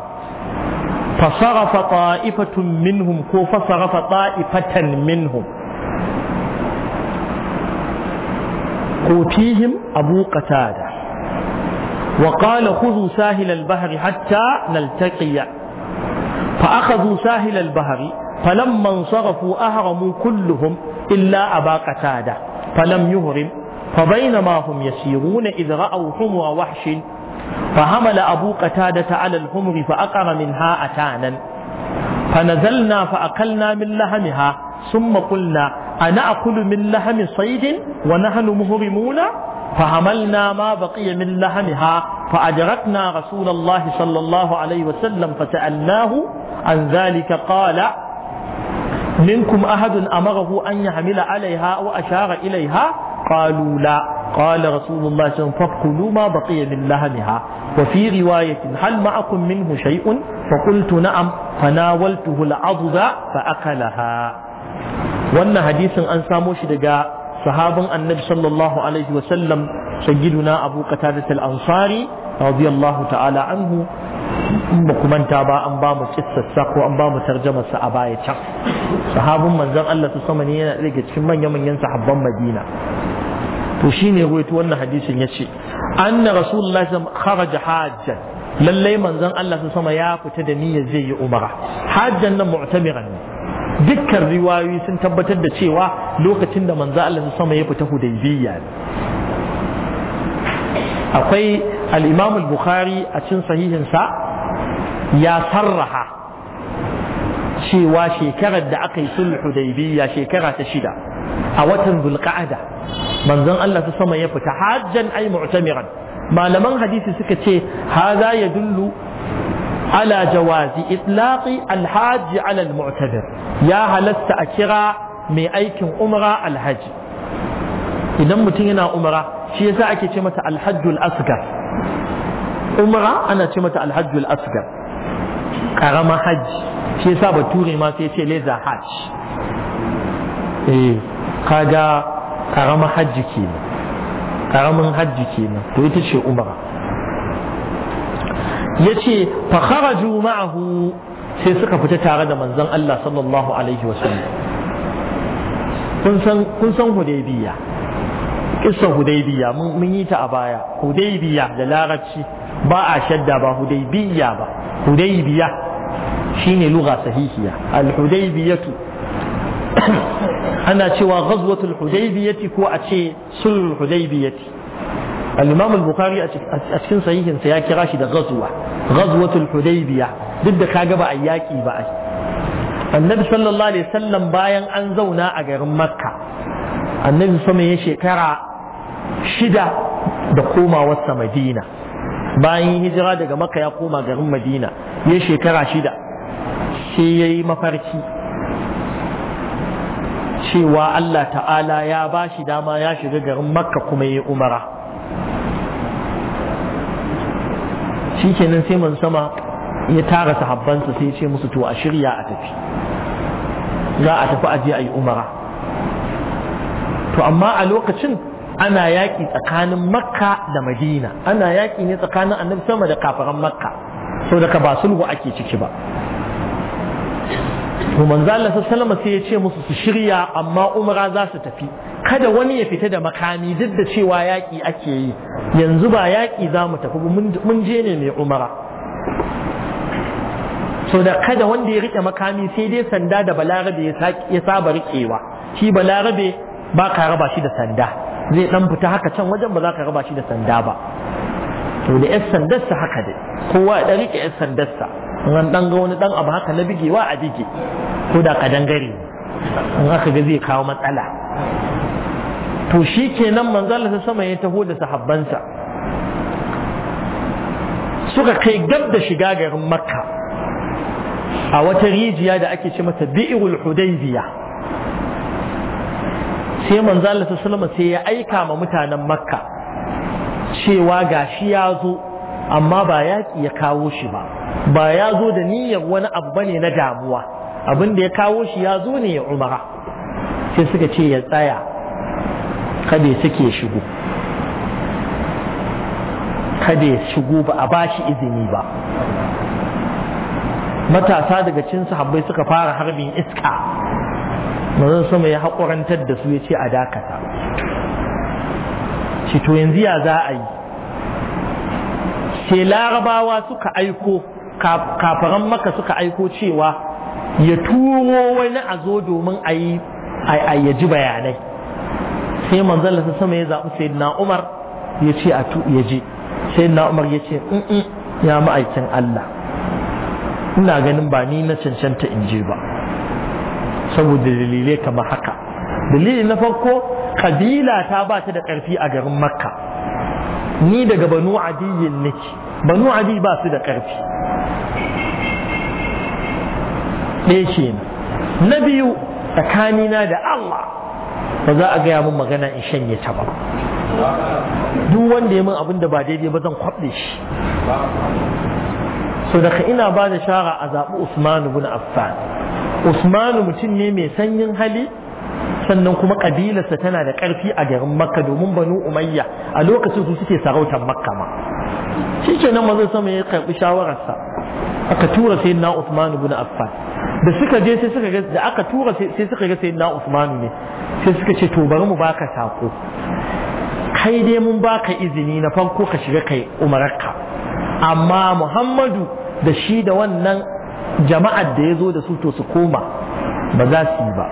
fa sarafa ta'ifatun minhum ko fa sarafa ta'ifatan minhum ko fihim abu qatada وقال خذوا ساهل البحر حتى نلتقي فأخذوا ساهل البحر فلما انصرفوا أهرموا كلهم إلا أبا قتادة فلم يهرم فبينما هم يسيرون إذ رأوا حمر وحش فحمل أبو قتادة على الحمر فأقر منها أتانا فنزلنا فأكلنا من لحمها ثم قلنا أنأكل من لحم صيد ونحن مهرمون فحملنا ما بقي من لحمها فأدركنا رسول الله صلى الله عليه وسلم فسألناه عن ذلك قال منكم أحد أمره أن يحمل عليها أو أشار إليها قالوا لا قال رسول الله صلى الله عليه وسلم فكلوا ما بقي من لحمها وفي رواية هل معكم منه شيء فقلت نعم فناولته العضد فأكلها وأن حديث أن ساموش دقاء صحابا النبي صلى الله عليه وسلم سيدنا أبو قتادة الأنصاري رضي الله تعالى عنه in ba kuma ta ba an ba mu kissarsa ko an ba mu tarjamarsa a baya can sahabin manzon Allah su sama ne yana daga cikin manyan manyan sahabban Madina to shine ruwaito wannan hadisin yace anna rasulullahi kharaja hajjan lallai manzon Allah su sama ya fita da niyyar zai yi umara hajjan nan mu'tamiran dukkan riwayoyi sun tabbatar da cewa lokacin da manzon Allah su sama ya fita hudaybiyya akwai al-Imam al-Bukhari a cikin sahihinsa ya sarraha cewa shekarar da aka yi sulh hudaybiyya shekara ta shida a watan zulka'ada manzon Allah ta sama ya fita hajjan ai mu'tamiran malaman hadisi suka ce haza dullu ala jawazi itlaqi alhaji ala almu'tamir ya halasta a kira mai aikin umra alhaji idan mutum yana umra shi yasa ake ce mata alhajjul asgar umra ana ce mata alhajjul asgar karama hajji shi yasa bature ma sai ce leza hajji eh kaga karama hajji kenan karamin hajji kenan to ita ce umara yace fa kharaju ma'ahu sai suka fita tare da manzon Allah sallallahu alaihi wasallam kun san kun san hudaybiya kissan hudaybiya mun yi ta a baya hudaybiya da larabci ba a shadda ba hudaybiya ba hudaybiya shine lugha sahihiya al-hudaybiyatu ana cewa ghazwatul hudaybiyati ko a ce sulhul hudaybiyati al-imam al-bukhari a cikin sahihin sa ya kira shi da ghazwa ghazwatul hudaybiya duk da kaga ba a yaki ba annabi sallallahu alaihi wasallam bayan an zauna a garin makka annabi sama ya shekara shida da komawarsa madina bayan hijira daga maka ya koma garin madina ya shekara shida sai ya yi mafarki cewa Allah ta'ala ya ba shi dama ya shiga garin makka kuma ya yi umara shi kenan sai man sama ya tara sahabbansa sai ce musu to a shirya a tafi za a tafi aje a yi umara to amma a lokacin ana yaƙi tsakanin makka da madina ana yaƙi ne tsakanin annabi sama da kafaran makka so daga ba sulhu ake ciki ba to manzo Allah sallallahu sai ya ce musu su shirya amma umra za su tafi kada wani ya fita da makami duk da cewa yaƙi ake yi yanzu ba yaƙi za mu tafi mun je ne mai umra. so da kada wanda ya rike makami sai dai sanda da balarabe ya saba rikewa shi balarabe ba ka raba shi da sanda zai dan fita haka can wajen ba za ka raba shi da sanda ba to da yar sandarsa haka dai kowa ya rike yar sandarsa in dan ga wani dan abu haka na bigewa a bige ko da kadangare in aka ga zai kawo matsala to shi kenan manzala ta sama ya taho da sahabbansa suka kai gab da shiga garin makka a wata rijiya da ake ce mata bi'irul hudaybiyah sai manzo Allah sallallahu sai ya aika ma mutanen makka cewa gashi ya zo amma ba yaƙi ya kawo shi ba ba ya zo da niyyar wani abu bane na damuwa abin da ya kawo shi ya zo ne ya umara sai suka ce ya tsaya kada sake shigo kada ya shigo ba a bashi izini ba matasa daga cin sahabbai suka fara harbin iska mazan sama ya haƙurantar da su ya ce a dakata shi to yanzu ya za a yi sai larabawa suka aiko kafaran maka suka aiko cewa ya turo wani a zo domin a yi ya ji bayanai sai manzan lasa sama ya zaɓi sai na umar ya ce a tu ya je sai na umar ya ce ya ma'aikin allah ina ganin ba ni na cancanta in je ba saboda dalilai kamar haka dalili na farko kabila ta ba ta da ƙarfi a garin makka ni daga banu adiyin nake banu adi ba su da ƙarfi ɗaya ce na biyu tsakanina da Allah ba za a gaya mun magana in shanye ta ba duk wanda ya min abin da ba daidai ba zan kwaɓe shi so daga ina ba da shara a zaɓi Usmanu bin Affan Usmanu mutum ne mai sanyin hali sannan kuma ƙabilarsa tana da ƙarfi a garin Makka domin Banu Umayya a lokacin su suke sarautar Makka ma nan mazan sama ya karɓi shawararsa aka tura sai na Usmanu bin Affan da suka je sai suka ga da aka tura sai suka ga na Usmanu ne sai suka ce to bari mu baka sako kai dai mun baka izini na farko ka shiga kai umararka amma muhammadu da shi da wannan jama'ar da ya zo da su to su koma ba za su yi ba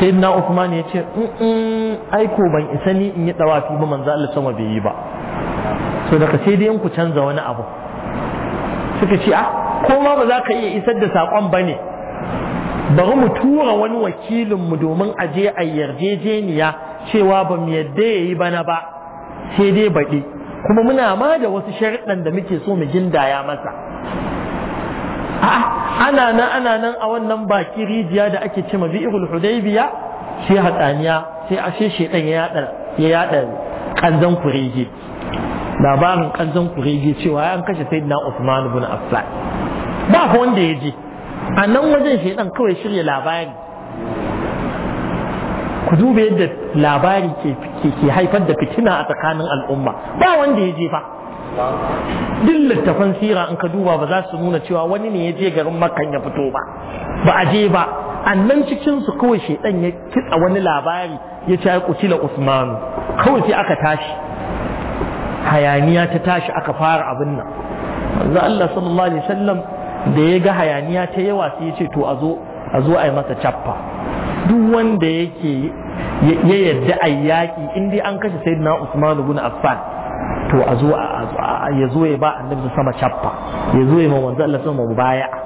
sai na Uthman ya ce aiko ban isa ni in yi tawafi ba manzo Allah sama bai yi ba so daga sai dai canza wani abu suka ce ah koma ba za ka iya isar da sakon ba ne bari mu tura wani wakilinmu domin a je a yarjejeniya cewa ba mu yadda ya yi bana ba sai dai baɗi kuma muna ma da wasu sharuɗan da muke so mu gindaya masa ana nan ana nan a wannan baki rijiya da ake ce bi'ul hudaybiya sai hadaniya sai ashe shedan ya yada ya yada kanzan kurege labarin kanzan kurege cewa an kashe sayyidina Usman ibn Affan ba wanda ya je a nan wajen shedan kawai shirya labari ku duba yadda labari ke haifar da fitina a tsakanin al'umma ba wanda ya je fa duk littafan sira in ka duba ba za su nuna cewa wani ne ya je garin makan ya fito ba ba a je ba annan cikin su kawai shedan ya kitsa wani labari ya ce la usmanu kawai sai aka tashi hayaniya ta tashi aka fara abin nan manzo Allah sallallahu alaihi wasallam da ya ga hayaniya ta yawa sai ya ce to a zo a zo a yi masa cappa duk wanda yake ya yarda a yaƙi in dai an kashe na Usman ibn Affan to a zo ya zo ya ba annabi sama cappa ya zo ya ma manzo Allah sama mubaya'a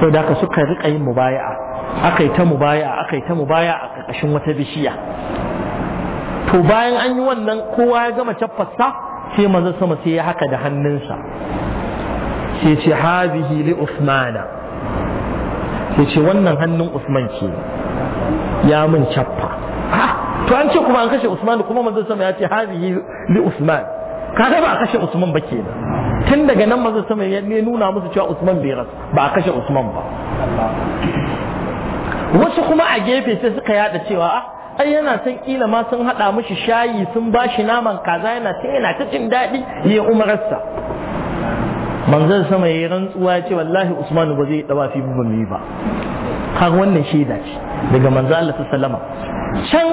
saboda haka suka rika yin mubaya'a akai ta mubaya'a akai ta mubaya'a a ƙarƙashin wata bishiya to bayan an yi wannan kowa ya gama cappasa sai manzo sama sai ya haka da hannunsa sai ce hazihi li Usmana sai ce wannan hannun usman ke ya mun cappa to an ce kuma an kashe usman kuma manzon sama ya ce hazihi li usman kaga ba a kashe usman ba kenan tun daga nan manzon sama ya nuna musu cewa usman bai rasu ba a kashe usman ba wasu kuma a gefe sai suka yada cewa ah ai yana son kila ma sun hada mishi shayi sun bashi naman kaza yana cin yana ta jin daɗi ya umararsa manzon sama yi rantsuwa ya ce wallahi Usmanu ba zai dawa fi ba mu ba har wannan shaida ce daga manzon Allah sallama can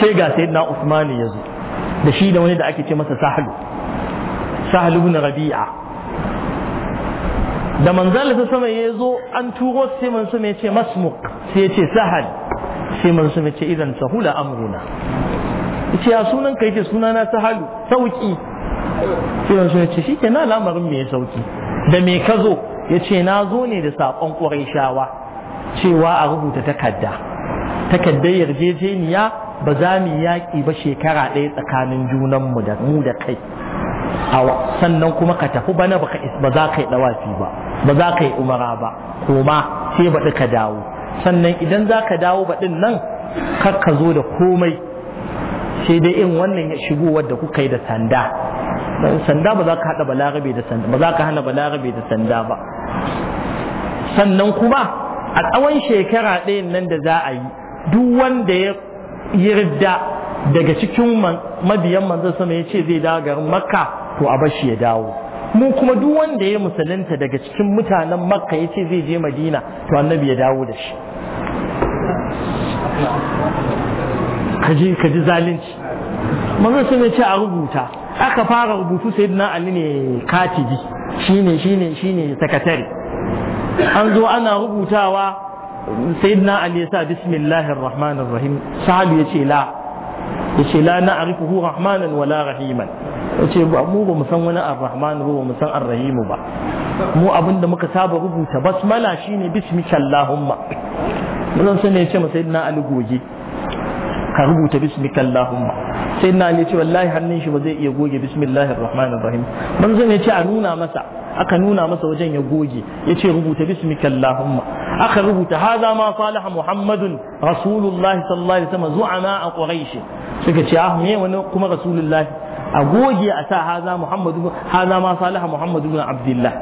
sai ga sayyidina Usmanu ya zo da shi da wani da ake ce masa Sahlu Sahlu ibn Rabi'a da manzon Allah sama ya zo an turo sai manzon sama ya ce masmuk sai ya ce sahal sai manzon sama ya ce idan sahula amruna ce a sunan ka yake sunana sahalu sauki sai ya ce shi ke na lamarin mai sauki da mai ka zo ya ce na zo ne da saƙon ƙwarishawa cewa a rubuta takarda takardar yarjejeniya ba za mu yaƙi ba shekara ɗaya tsakanin junanmu da mu da kai sannan kuma ka tafi bana ba za ka yi ɗawafi ba ba za ka yi umara ba koma sai baɗi ka dawo sannan idan za ka dawo baɗin nan kar ka zo da komai sai dai in wannan ya shigo wadda kuka yi da sanda sanda ba za ka hada balarabe da sanda ba za ka hana balarabe da sanda ba sannan kuma a tsawon shekara ɗayan nan da za a yi duk wanda ya yarda daga cikin mabiyan manzon sama ya ce zai dawo garin makka to a bashi ya dawo mu kuma duk wanda ya musulunta daga cikin mutanen makka ya ce zai je madina to annabi ya dawo da shi kaji kaji zalunci manzon sama ya ce a rubuta aka fara rubutu sayyidina ali ne katibi shine shi ne sakatare an zo ana rubutawa sayyidina ali ya sa bismillahir rahmanir rahim Salu ya ce la ya ce la na na'rifuhu rahmanan wala rahiman ya ce mu ba mu san wani ar-rahman ba mu san ar ba mu abinda muka saba rubuta basmala shine bismikallahumma mun san ne ya ce sayyidina ali goge ka rubuta bismika Allahumma sai na ne ce wallahi hannun shi ba zai iya goge bismillahir rahmanir rahim manzon ya ce a nuna masa aka nuna masa wajen ya goge ya ce rubuta bismika Allahumma aka rubuta haza ma salaha muhammadun rasulullahi sallallahu alaihi wasallam zu'ama a quraish suka ce ah me wani kuma rasulullahi a goge a sa haza muhammadun haza ma salaha muhammadu abdullah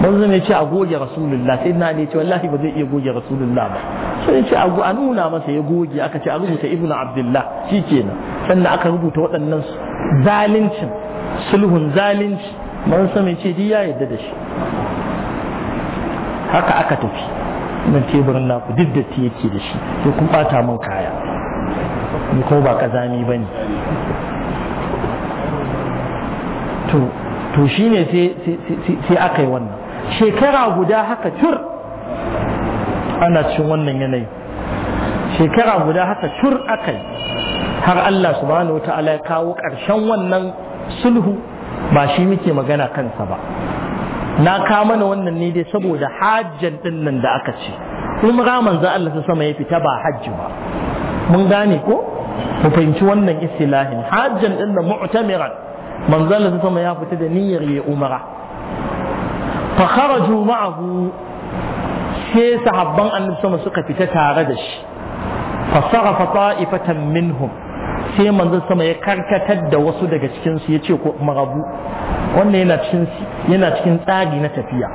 manzo ya ce a goge rasulullah sai na ne ce wallahi ba zai iya goge rasulullah ba sai ce a nuna masa ya goge aka ce a rubuta ibnu abdullah shikenan sannan aka rubuta waɗannan zalincin sulhun zalunci san ne ce ya yadda da shi haka aka tafi nan teburin naku duk da yake da shi to kun bata min kaya ni ko ba kazami bane to to shine sai sai aka yi wannan shekara guda haka tur ana cin wannan yanayi shekara guda haka tur aka yi har Allah subhanahu wa ta'ala ya kawo ƙarshen wannan sulhu ba shi muke magana kansa ba na kama na wannan ne dai saboda hajjan din nan da aka ce umra manzo Allah ta sama ya fita ba hajji ba mun gane ko mu fahimci wannan istilahin hajjan din nan mu'tamiran manzo Allah ta sama ya fita da niyyar ya umra fa juma'a ma'ahu sai sahabban annabi sama suka fita tare da shi fa sarafa ta'ifatan minhum sai manzon sama ya karkatar da wasu daga cikinsu su ce ko marabu wannan yana cikin yana cikin tsari na tafiya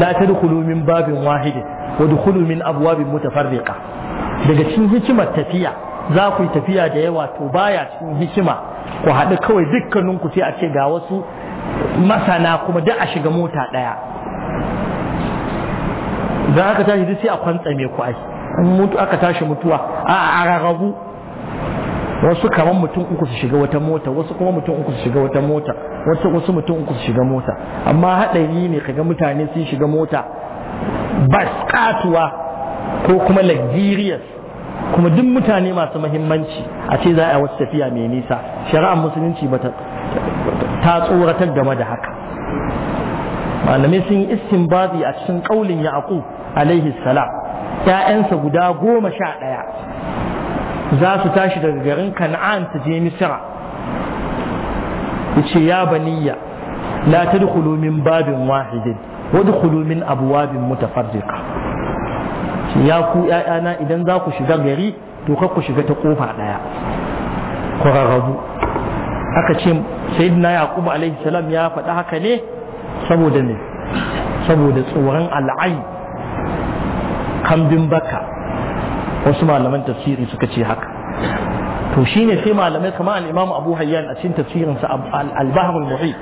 la tadkhulu min babin wahid wa dkhulu min abwabin mutafarriqa daga cikin hikimar tafiya za ku yi tafiya da yawa to baya cikin hikima ku haɗu kawai dukkaninku sai a ce ga wasu masana kuma duk a shiga mota ɗaya don aka tashi duk sai a kwantsa mai kwai mutu aka tashi mutuwa a ragagu wasu kamar mutum uku su shiga wata mota wasu kuma mutum uku su shiga wata mota wasu wasu mutum uku su shiga mota amma haɗari ne kaga mutane sun shiga mota bas katuwa ko kuma luxurious kuma duk mutane masu mahimmanci a ce za a wasu tafiya mai nisa shari'ar musulunci ba ta ta tsoratar game da haka malamai sun yi istinbazi a cikin ƙaulin yaqub alaihi salam ƴaƴansa guda goma sha ɗaya za su tashi daga garin kan'an su je misira ce ya baniya la tadkhulu min babin wahidin wadkhulu min abwabin mutafarriqa ya ku ƴaƴana idan za ku shiga gari to kar ku shiga ta kofa ɗaya ku rarrabu aka ce sayyidina yaqub alaihi salam ya faɗi haka ne saboda ne saboda tsoron al'ai kambin baka wasu malaman tafsiri suka ce haka to shine sai malamai kamar al-imam abu hayyan a cikin tafsirin sa al-bahr al-muhit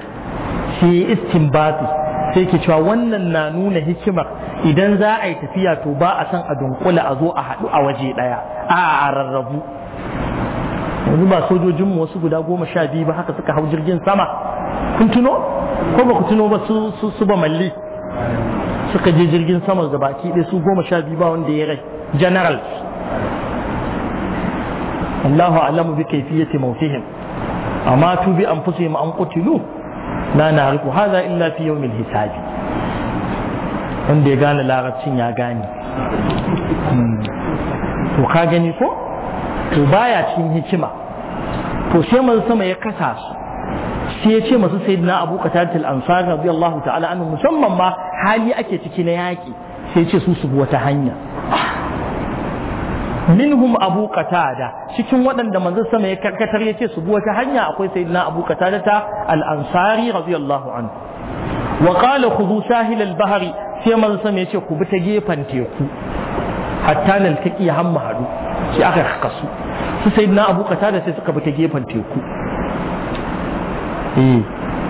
shi istinbati sai ke cewa wannan na nuna hikimar idan za a yi tafiya to ba a san a dunkula a zo a haɗu a waje ɗaya a rarrabu yanzu ba sojojinmu wasu guda goma sha biyu ba haka suka hau jirgin sama kun tuno ko ba ku tuno ba su ba malli suka je jirgin sama ga baki ɗaya su goma sha biyu ba wanda ya rai general Allahu a'lamu bi kayfiyati mawtihim amma tu bi anfusihim an qutilu la na'rifu hadha illa fi yawm al-hisab wanda ya gane larabcin ya gane hmm. to ka gani ko to baya cikin hikima to sai manzo sama ya kasa su sai ya ce masu sayyidina Abu Qatada al-Ansari radiyallahu ta'ala anhu musamman ma hali ake ciki na yaki sai ce su su wata hanya minhum Abu Qatada cikin waɗanda manzo sama ya karkatar ya ce su bi wata hanya akwai sayyidina Abu Qatada ta al-Ansari radiyallahu anhu wa qala khudhu sahil al-bahri sai manzo sama ya ce ku bi ta gefen teku hatta naltaqi hamma hadu shi aka kasu su sai na abokata da sai suka bi ta gefen teku eh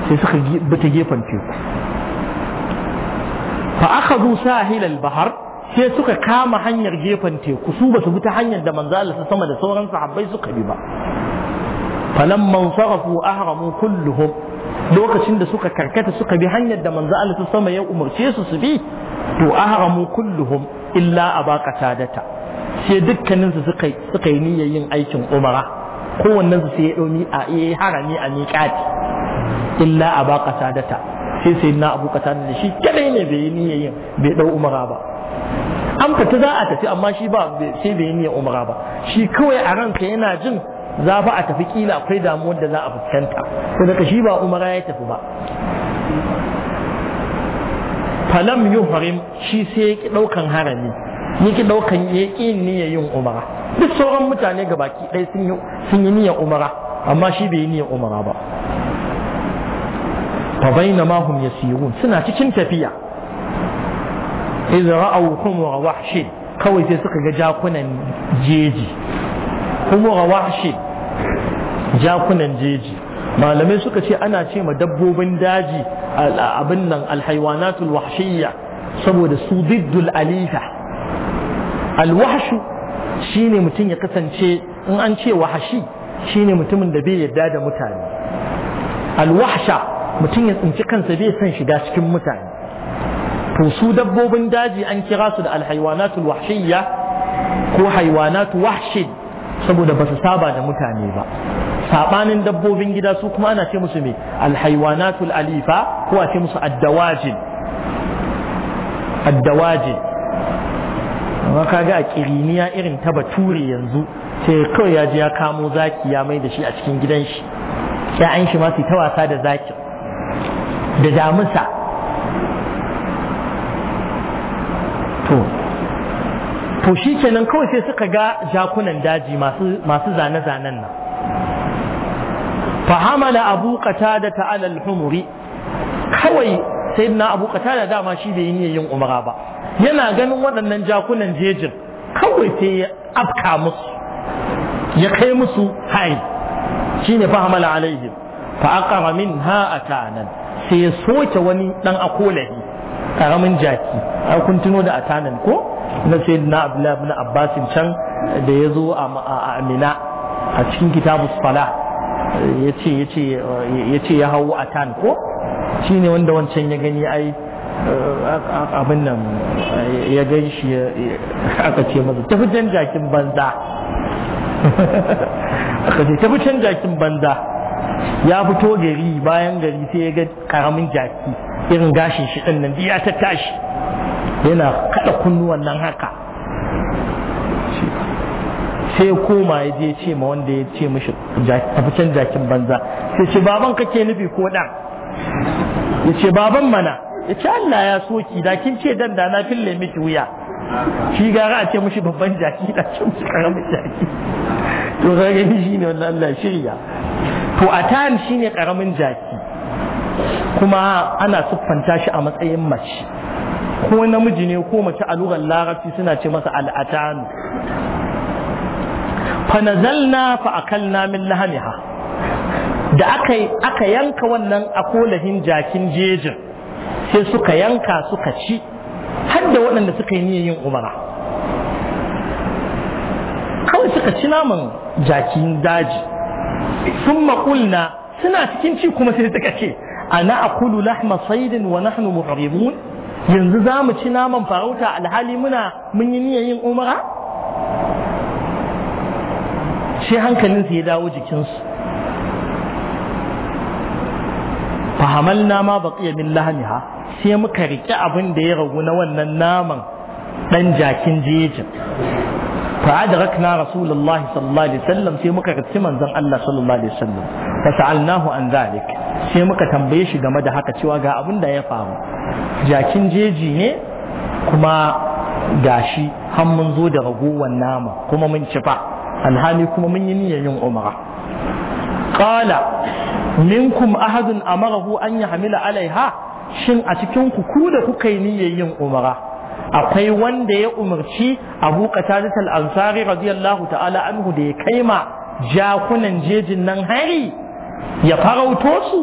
sai suka bi ta gefen teku fa aka zo sahil al-bahar sai suka kama hanyar gefen teku su basu su bi ta hanyar da manzo Allah sama da sauran sahabbai suka bi ba falamman sarafu ahramu kulluhum lokacin da suka karkata suka bi hanyar da manzo Allah sama ya umarce su su bi to ahramu kulluhum illa tadata. sai dukkaninsu suka yi niyyar yin aikin umara kowannensu sai ya ɗaumi a iya harami a miƙati illa a ba ta sai sai na abu ƙasa da shi kadai ne bai yi niyyar yin bai ɗau umara ba an fita za a tafi amma shi ba sai bai yi niyyar umara ba shi kawai a ranka yana jin za fa a tafi kila akwai damuwar da za a fuskanta to daga shi ba umara ya tafi ba falam yuhrim shi sai ya ki daukan harami yake daukan yaƙin niyyar yin umara duk sauran mutane ga baki ɗaya sun yi niyyar umara amma shi bai yi niyyar umara ba fa bainama hum yasirun suna cikin tafiya a ra'aw humura wahshin kawai sai suka ga jakunan jeji Kuma humura wahshin jakunan jeji malamai suka ce ana ce ma dabbobin daji abin nan alhaiwanatul wahshiyya saboda su diddul alifa shi ne mutum ya kasance in an ce wahashi shine mutumin da bai yarda da mutane Alwasha mutum ya tsinci kansa bai son shiga cikin mutane to su dabbobin daji an kira su da alhaywanatul wahshiyya ko haiwanatu wahshin saboda ba su saba da mutane ba sabanin dabbobin gida su kuma ana ce musu me alhaywanatul alifa ko a ce musu addawajin addawajin amma kaga a kiriniya irin ta bature yanzu sai kawai ya ji ya kamo zaki ya mai da shi a cikin gidan shi ya'yan shi masu ta wasa da zakin da damusa to to shi kenan kawai sai suka ga jakunan daji masu zane-zanen nan fahamala abu kata da ta'alal humuri kawai sai na abu da dama shi bai yi yin umara ba yana ganin waɗannan jakunan jejin kawai sai ya afka musu ya kai musu hain shine fa hamala alaihim fa aqara a atanan sai ya soke wani dan akolahi karamin jaki a kun tuno da atanan ko na na abdullahi na abbas can da ya zo a amina a cikin kitabu sala ya ce ya hau atan ko shine wanda wancan ya gani ai abin nan ya gan shi aka ce masa tafi can jakin banza aka ce tafi can jakin banza ya fito gari bayan gari sai ya ga karamin jaki irin gashin shi ɗin nan ya ta tashi yana kada kunnuwan nan haka sai ya koma ya je ce ma wanda ya ce mishi tafi can jakin banza sai ce baban kake nufi ko ɗan ya ce baban mana yace Allah ya soki da kin ce dan da na fille miki wuya shi gara a ce mushi babban jaki da ce mushi karamin jaki to ga gani shi ne wannan Allah shirya to a tan shi ne karamin jaki kuma ana siffanta shi a matsayin mace ko namiji ne ko mace a lugar larabci suna ce masa al'atanu fa nazalna fa akalna min lahamiha da aka yanka wannan akolahin jakin jejin sai suka yanka suka ci har da waɗanda suka yi niyyar yin umara kawai suka ci naman jakin daji sun maƙulna suna cikin ci kuma sai suka ce ana akulu lahma saidin wa nahnu muhrimun yanzu za mu ci naman farauta alhali muna mun yi niyyar yin umara sai hankalinsu ya dawo jikinsu fahamalna ma baqiya min lahmiha sai muka rike abin da ya ragu na wannan naman dan jakin jejin fa adrakna rasulullahi sallallahu alaihi wasallam sai muka rike manzon Allah sallallahu alaihi wasallam fa sa'alnahu an zalik sai muka tambaye shi game da haka cewa ga abin da ya faru jakin jeji ne kuma gashi har mun zo da ragowar nama kuma mun cifa fa alhali kuma mun yi niyyar yin umara qala minkum ahadun amarahu an yahmila alaiha shin a cikin ku ku da kuka yi niyyar yin umara akwai wanda ya umarci Abu Qatadah al-Ansari radiyallahu ta'ala anhu da ya kaima jakunan jejin nan hari ya farauto su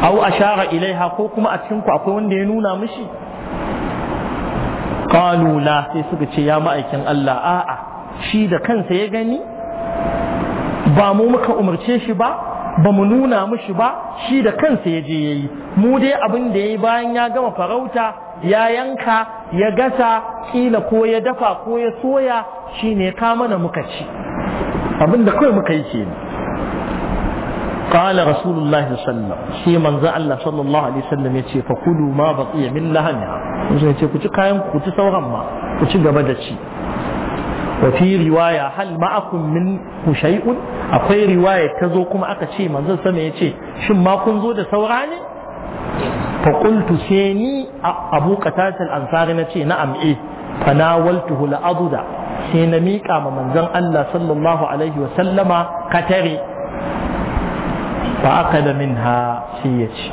aw ashara ilaiha ko kuma a cikin ku akwai wanda ya nuna mishi qalu la sai suka ce ya ma'aikin Allah a'a shi da kansa ya gani ba mu muka umarce shi ba ba mu nuna mushi ba shi da kansa ya je yayi mu dai abin da yayi bayan ya gama farauta ya yanka ya gasa kila ko ya dafa ko ya soya shine ka mana muka ci abin da kawai muka yi ce قال رسول الله صلى الله عليه وسلم شي منزا الله صلى الله عليه وسلم yace fa kulu ma baqiya min lahaniha yace ku ci kayan ku ci sauran ma ku ci gaba da ci وفي رواية هل معكم منه شيء أقوي رواية تزوكم أكتشي من ذا سمع يتشي شم ما كن زود سوراني فقلت سيني أبو قتادة الأنصار نتشي نعم إيه فناولته لأضد سينميك أما من ذن الله صلى الله عليه وسلم كتري فأقل منها سيتشي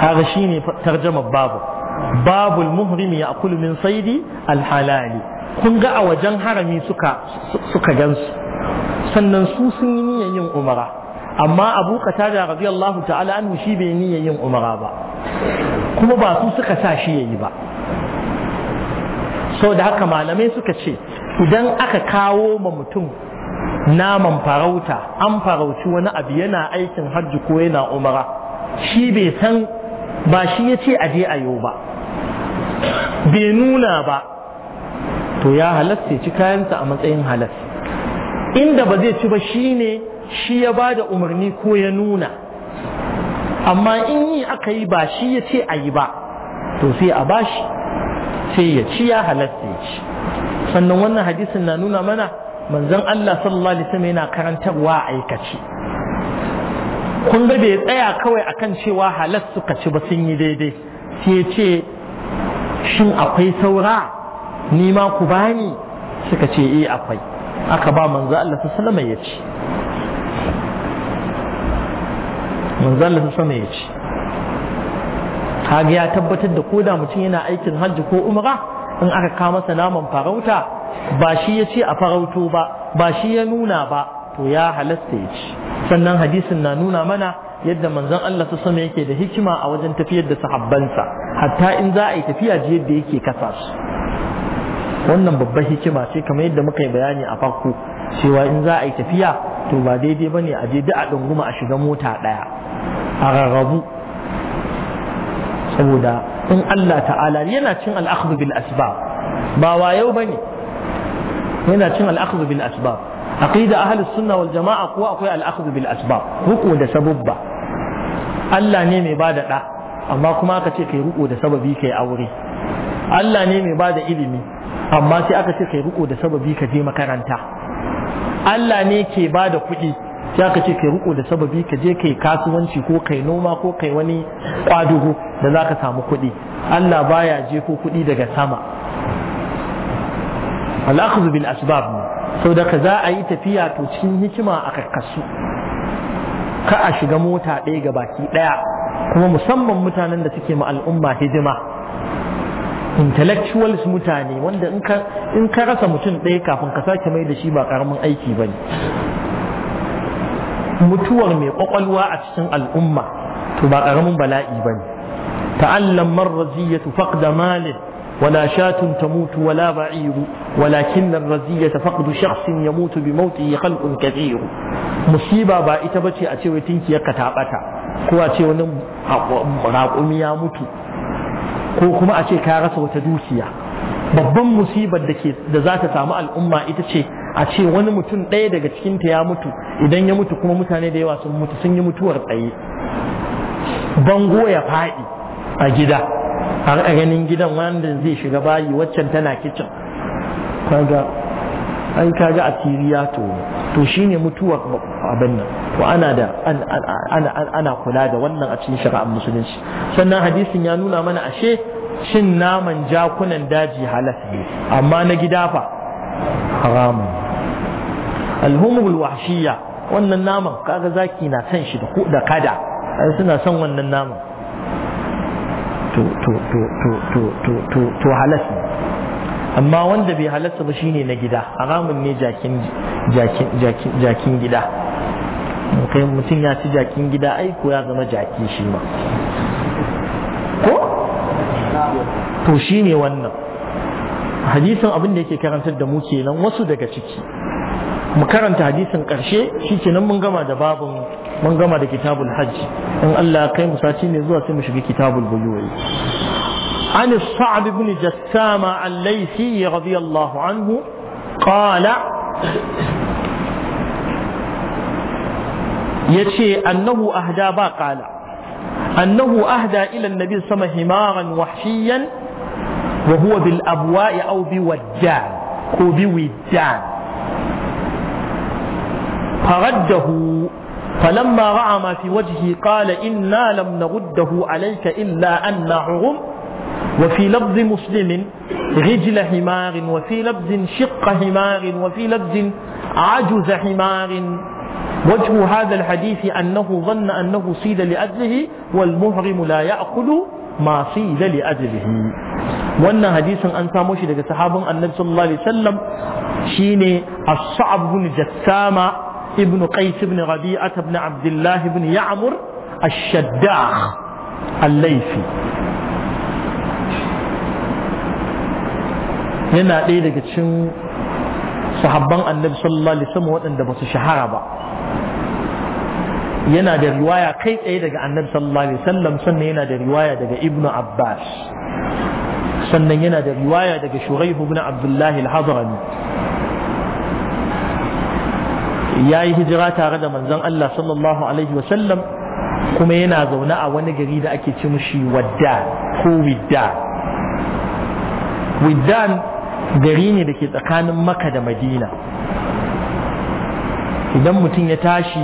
هذا شيني ترجمة بابه باب المهرم يأكل من صيد الحلال kun ga a wajen harami suka suka gansu sannan su sun yi niyyar yin umara amma abu da radiyallahu ta'ala anhu shi bai niyyar yin umara ba kuma ba su suka sa shi yayi ba so da haka malamai suka ce idan aka kawo ma mutum naman farauta an farauci wani abu yana aikin hajji ko yana umara shi bai san ba shi ya ce je a yau ba bai nuna ba to ya halasta ci kayansa a matsayin halas inda ba zai ci ba shine shi ya ba da umarni ko ya nuna amma in yi aka yi ba shi ya ce a yi ba to sai a bashi sai ya ci ya halasta ya ci sannan wannan hadisin na nuna mana manzon Allah sallallahu alaihi wasallam yana karantarwa aikaci kun ga bai tsaya kawai akan cewa halas suka ci ba sun yi daidai sai ya ce shin akwai saura ni ma ku bani suka ce eh akwai aka ba manzo Allah ta sallama ya ce, manzo Allah ta sallama ya ce. kaga ya tabbatar da koda mutum yana aikin hajji ko umra in aka kawo masa naman farauta ba shi ya ce a farauto ba ba shi ya nuna ba to ya halasta ya ci sannan hadisin na nuna mana yadda manzon Allah su sama yake da hikima a wajen tafiyar da sahabbansa hatta in za a yi tafiya ji yadda yake kasa su wannan babbar hikima ce kamar yadda muka yi bayani a farko cewa in za a yi tafiya to ba daidai ba ne a je da a ɗunguma a shiga mota ɗaya a rarrabu saboda in Allah ta'ala yana cin al'akhdhu bil asbab ba wayau bane yana cin al'akhdhu bil asbab aqida ahlus sunna wal jamaa kuwa akwai al'akhdhu bil asbab ruku da sababba Allah ne mai bada da amma kuma aka ce kai ruku da sababi kai aure Allah ne mai bada ilimi amma sai aka ce kai riko da sababi ka je makaranta Allah ne ke ba da kuɗi sai aka ce kai riko da sababi ka je kai kasuwanci ko kai noma ko kai wani kwadugo da za ka samu kuɗi Allah baya je ko kuɗi daga sama al'akhudhu bil asbab sau daka ka za a yi tafiya to cikin hikima a karkasu ka a shiga mota ɗaya ga baki ɗaya kuma musamman mutanen da suke ma al'umma hidima intellectuals mutane wanda in ka rasa mutum ɗaya kafin ka sake mai da shi ba karamin aiki ba ne mutuwar mai kwakwalwa a cikin al'umma to ba karamin bala'i ba ne ta'allam marraziyatu faqda malin ولا شاة تموت ولا بعير ولكن الرزية فقد شخص يموت بموته خلق كثير مصيبة بائتة بتي أتي وتنكي كتابتا كو أتي ونم راقومي يموت ko kuma a ce ka rasa wata dukiya babban musibar da ke da za ta samu al'umma ita ce a ce wani mutum ɗaya daga cikinta ya mutu idan ya mutu kuma mutane da yawa sun mutu sun yi mutuwar tsaye bango ya faɗi a gida har a ganin gidan wanda zai shiga bayi waccan tana kicin kaga ai kaga a tiriya to to shine mutuwa abin nan to ana da ana kula da wannan a cikin shari'ar musulunci sannan hadisin ya nuna mana ashe Shin naman jakunan daji halas ne amma na gida fa haramun alhumul wahshiya wannan naman kaga zaki na san shi da kada suna son wannan naman to to to to to to to halas ne amma wanda bai halatta ba shine na gida haramun ne jakin gida kai mutum ya ci jakin gida aiko ya zama jaki shi ma ko to shine wannan hadisin abin da yake karantar da mu kenan wasu daga ciki mu karanta hadisin karshe shi kenan mun gama da babun mun gama da kitabul hajji in Allah kai mu sati ne zuwa sai mu shiga kitabul buyu'i عن الصعب بن جسامة الليثي رضي الله عنه قال يشي أنه أهدى با قال أنه أهدى إلى النبي صلى الله عليه وسلم حمارا وحشيا وهو بالأبواء أو بوجان أو بوجان فرده فلما رأى ما في وجهه قال إنا لم نرده عليك إلا أن نعرم وفي لفظ مسلم رجل حمار وفي لفظ شق حمار وفي لفظ عجز حمار وجه هذا الحديث أنه ظن أنه صيد لأجله والمحرم لا يأكل ما صيد لأجله وأن حديث أن ساموشي لك صحاب النبي صلى الله عليه وسلم شين الصعب بن جسامة ابن قيس بن ربيعة بن عبد الله بن يعمر الشداخ الليثي yana ɗaya daga cikin sahabban annabi sallallahu alaihi wasallam waɗanda ba su shahara ba yana da riwaya kai tsaye daga annabi sallallahu alaihi wasallam sannan yana da riwaya daga ibnu abbas sannan yana da riwaya daga shuraihu ibn abdullahi al-hadrami ya yi hijira tare da manzon Allah sallallahu alaihi wasallam kuma yana zaune a wani gari da ake ci mushi wadda ko widda widdan gari ne da ke tsakanin maka da madina idan mutum ya tashi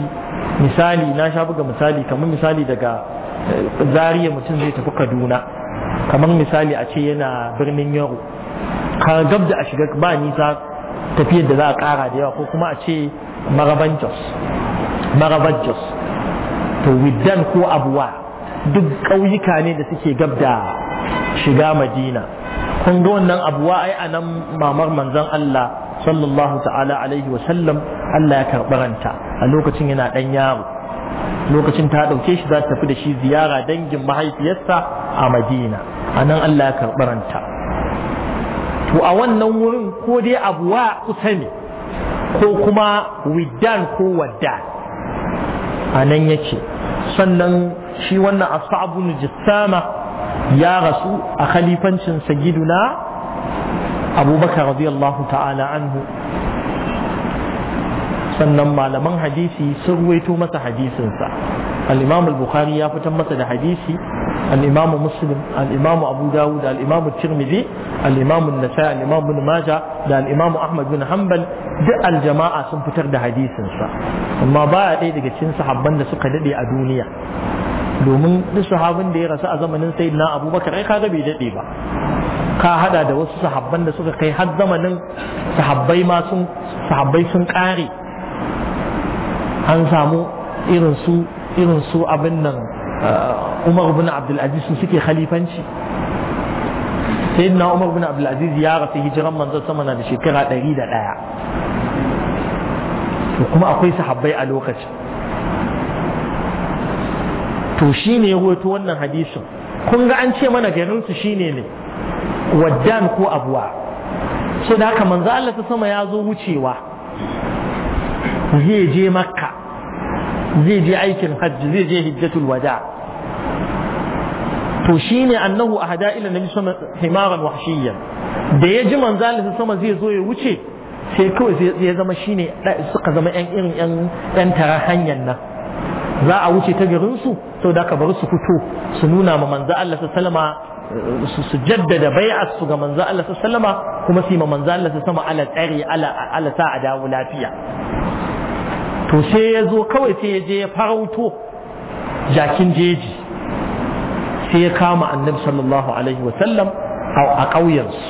misali na sha buga misali kamar misali daga eh, zariya mutum zai tafi kaduna kamar misali a ce yana birnin yaro ka gab da a shiga ba nisa tafiyar da za a kara da yawa ko kuma a ce maraban jos to widdan ko abuwa duk ƙauyuka ne da suke gab da shiga madina kun ga wannan abuwa ai a nan mamar manzon Allah sallallahu ta'ala alaihi wa sallam Allah ya karɓaranta a lokacin yana ɗan yaro lokacin ta ɗauke shi za ta tafi da shi ziyara dangin mahaifiyarsa a Madina a nan Allah ya karɓaranta to a wannan wurin ko dai abuwa kusa ne ko kuma widdan ko wadda a nan yake sannan shi wannan asabun jisama ya rasu a khalifancin sayyiduna abubakar radiyallahu ta'ala anhu sannan malaman hadisi sun ruwaito masa hadisinsa al-imam al-bukhari ya fitar masa da hadisi al-imam muslim al-imam abu dawud al-imam tirmidhi al-imam an-nasa'i al-imam ibn majah da al-imam ahmad bin hanbal duk al-jama'a sun fitar da hadisinsa amma baya ɗaya daga cikin sahabban da suka dade a duniya domin duk sahabin da ya rasu a zamanin na abubakar ai kaga bai dade ba ka hada da wasu sahabban da suka kai har zamanin sahabbai ma sun sahabbai sun kare an samu irin su irin su abin nan uh, Umar bin Abdul Aziz su suke khalifanci sayyidina Umar bin Abdul Aziz ya rasu hijiran manzon sama na da shekara 101 to kuma akwai sahabbai a lokacin to ne ya hoto wannan hadisin kun ga an ce mana garin su ne ne waddan ko abuwa sai da haka manzo Allah ta sama ya zo wucewa zai je makka zai je aikin hajji zai je hijjatul wada to shi ne annahu ahada ila na sama himaran wahshiyan da ya ji manzo Allah ta sama zai zo ya wuce sai kawai ya zama shi ne suka zama yan irin yan tara hanyar nan za a wuce ta garinsu sau da ka bar su fito su nuna ma manzo Allah sallama su jaddada bai'ar su ga manzo Allah sallama kuma su yi ma manzo Allah sallama ala tsari ala ala sa a dawo lafiya to sai ya zo kawai sai ya je ya farauto jakin jeji sai ya kama annabi sallallahu alaihi wa sallam a ƙauyensu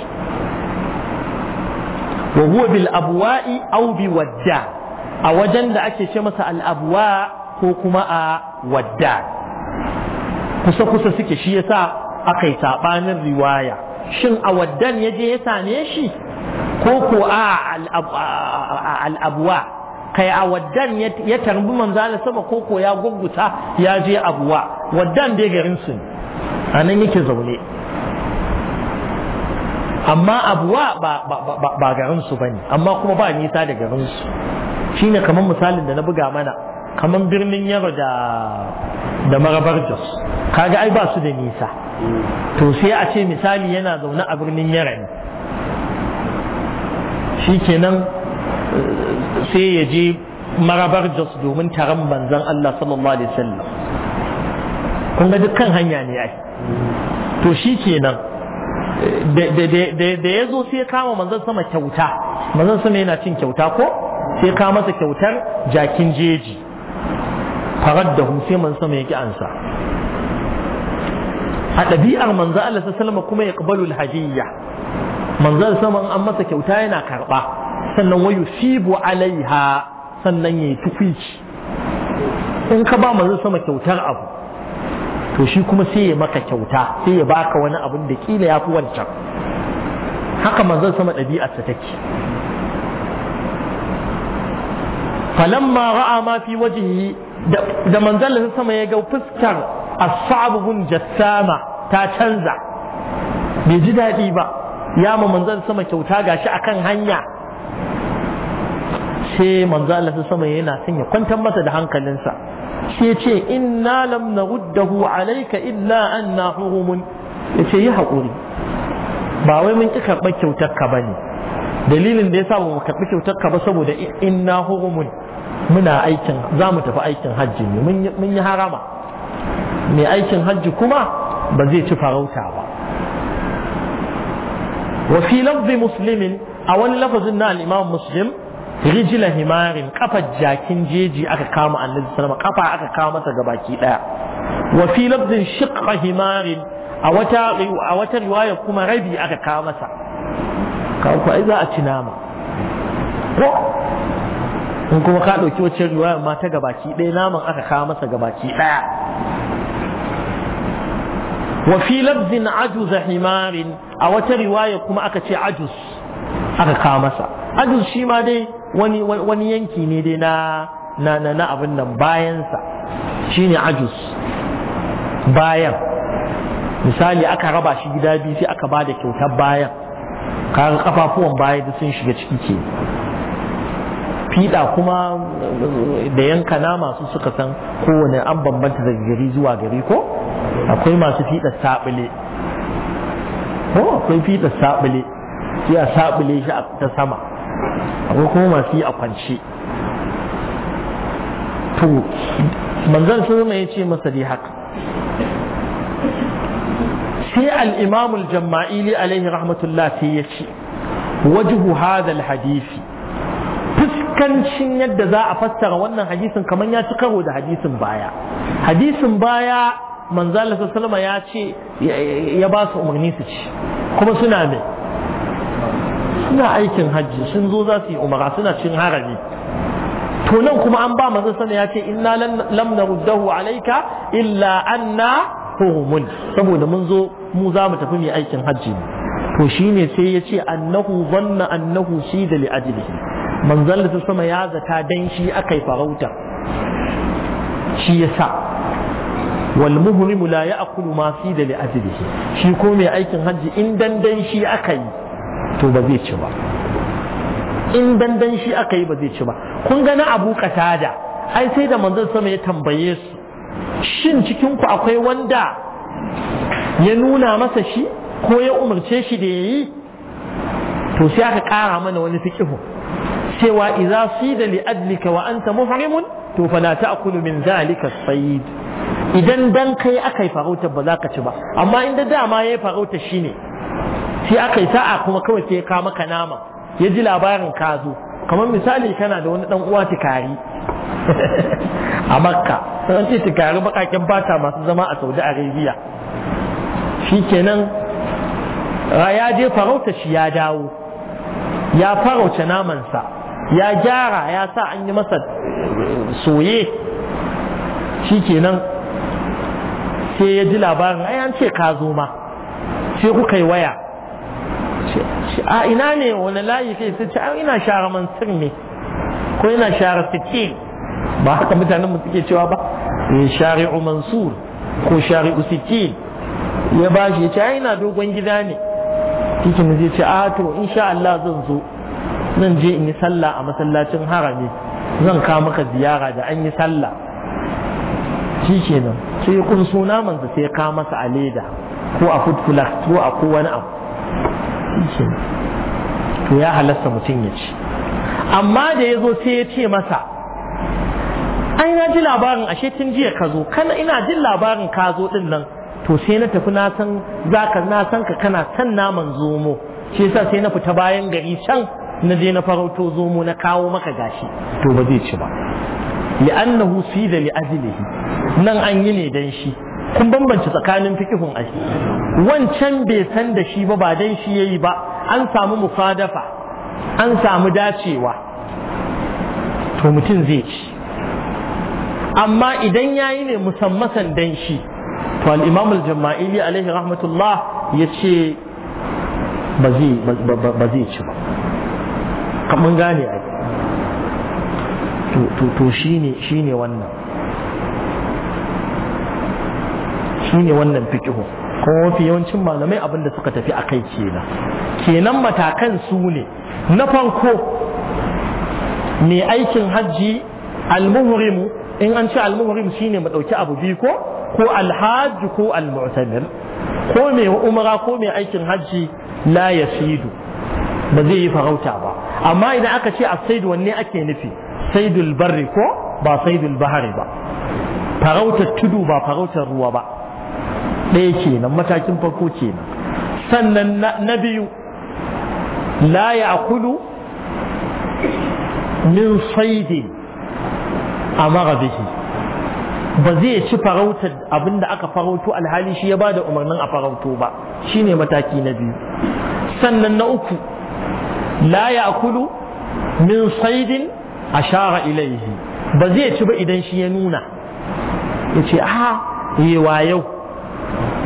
wa huwa bil abwa'i aw bi wadda a wajen da ake ce masa al abwa' ko kuma a wadda kusa kusa suke shi yasa aka yi sabanin riwaya shin a waddan ya je ya same shi ko ko a al'abuwa kai a waddan ya tarbi manzana sama ko ko ya gugguta ya je abuwa waddan dai garin su a nan yake zaune amma abuwa ba garin su ne amma kuma ba nisa da garin su shine kamar misalin da na buga mana kamar birnin yaro da marabar jos kaga ai ba su da nisa to sai a ce misali yana zaune a birnin yara ne shi kenan sai ya je marabar jos domin taron manzan Allah sallallahu alaihi wasallam kun ga dukkan hanya ne ai to shi kenan da ya zo sai kama manzan sama kyauta manzan sama yana cin kyauta ko sai kama masa kyautar jakin jeji da sai man sama yake ansa a ɗabi'ar manzo Allah sallama kuma ya kabalu alhadiyya manzo sama an masa kyauta yana karɓa sannan wayu sibu alaiha sannan yayi tukwici in ka ba manzo sama kyautar abu to shi kuma sai ya maka kyauta sai ya baka wani abun da kila yafi wancan haka manzo sama ɗabi'arsa take falamma ra'a ma fi wajhihi da manzon sama ya ga fuskar as-sa'b jassama ta canza bai ji daɗi ba ya ma manzon sama kyauta gashi akan hanya sai manzo Allah sama yana son ya kwantar masa da hankalinsa sai ce inna lam naruddahu alayka illa anna hurumun yace yi hakuri ba wai mun ki karɓar kyautar ka bane dalilin da ya ba mu karɓi kyautar ka ba saboda inna hurumun muna aikin za mu tafi aikin hajji ne mun yi harama mai aikin hajji kuma ba zai ci farauta ba wa fi lafzi muslimin a wani lafazin na al'imam muslim rijila himarin kafar jakin jeji aka kama annabi sallama kafa aka kama masa gabaki daya wa fi lafzin shiqqa himarin a wata a wata riwaya kuma rabi aka kama masa kawo ai za a ci nama ko in kuma ka ɗauki wacce riwaya ma ta gabaki ɗaya naman aka kawo masa gabaki ɗaya wa fi lafzin ajuz himarin a wata riwaya kuma aka ce ajuz aka kawo masa ajuz shi ma dai wani yanki ne dai na na na na abin nan bayansa shine ajuz bayan misali aka raba shi gida biyu sai aka ba da kyautar bayan kaga kafafuwan baya da sun shiga ciki ke fiɗa kuma eh, da yanka nama su suka san kowane an bambanta daga gari zuwa gari ko akwai masu fiɗa saɓile ko akwai fiɗa saɓile sai a saɓile shi a ta sama akwai kuma masu yi a kwance to manzan su ya ce masa dai haka sai al'imamul jama'ili alaihi rahmatullah sai ya ce wajihu hadal hadisi iskancin yadda za a fassara wannan hadisin kamar ya ci karo da hadisin baya hadisin baya manzala sallama ya ce ya ba su umarni su ci kuma suna ne suna aikin hajji sun zo za su yi umara suna cin harami to nan kuma an ba manzo sallama ya ce inna lam naruddahu alayka illa anna hurumun saboda mun zo mu za mu tafi mai aikin hajji to shine sai ya ce annahu zanna annahu shida li ajlihi manzon da sama ya zata dan shi akai farauta shi yasa wal muhrimu la ya'kulu ma fi da li'ajlihi shi ko mai aikin hajji in dandan shi yi to ba zai ci ba in dan shi akai ba zai ci ba kun ga na Abu katada ai sai da manzon sama ya tambaye su shin cikin ku akwai wanda ya nuna masa shi ko ya umarce shi da yayi to sai aka kara mana wani fikihu cewa idza sida li adlika wa anta muhrimun to fala ta'kulu min zalika sayd idan dan kai akai farautar ba za ka ci ba amma inda dama yayi farautar shine sai akai sa'a kuma kawai sai ka maka nama ya ji labarin ka zo kamar misali kana da wani dan uwa tikari a makka sun ce tikari bakakin bata masu zama a saudi arabia shikenan ya je farauta shi ya dawo ya farauta namansa ya gyara ya sa an yi masa soye shi kenan sai ya ji labarin ai an ce ka zo ma sai kuka yi waya a ina ne wani layi kai sai ce ina share sir ne ko ina share fice ba haka mutanen mu suke cewa ba eh, shari'u mansur ko shari'u sike ya bashi ya ce ina dogon gida ne cikin zai ce a to insha Allah zan zo zan je in yi sallah a masallacin harami zan kawo maka ziyara da an yi sallah shi kenan sai kun suna namansa sai ka masa a leda ko a food ko a ko abu shi to ya halasta mutum ya ci amma da ya zo sai ya ce masa ai na ji labarin ashe tun jiya ka zo kana ina jin labarin ka zo din nan to sai na tafi na san zaka na san ka kana san naman zomo shi sai na fita bayan gari can na je na farauto zomo na kawo maka gashi to ba zai ci ba li'annahu fi da li'ajlihi nan an yi ne dan shi kun bambance tsakanin fikihun ai wancan bai san da shi ba ba dan shi yayi ba an samu musadafa an samu dacewa to mutum zai ci amma idan yayi ne musammasan dan shi to al-imam al-jama'ili alaihi rahmatullah yace ba zai ci ba kamar gane ai to shine ne wannan shine wannan fiqhu kuma mafi yawancin malamai abin da suka tafi a kai kenan kenan matakan su ne na farko mai aikin hajji almuhrimu in an ce almuhrim shine mu maɗauki abu biyu ko ko alhaji ko almu'tamir ko mai umra ko mai aikin hajji la duk. ba zai yi farauta ba amma idan aka ce as wanne ake nufi saidul barri ko ba saidul bahari ba farautar tudu ba farautar ruwa ba ɗaya kenan matakin farko kenan sannan na biyu la Kulu min saidin amara bihi ba zai ci farautar abinda aka farauto alhali shi ya ba da umarnin a farauto ba shine mataki na biyu sannan na uku la ya'kulu min saidin ashara ilaihi ba zai ci ba idan shi ya nuna Yace ce a ah, yewa yau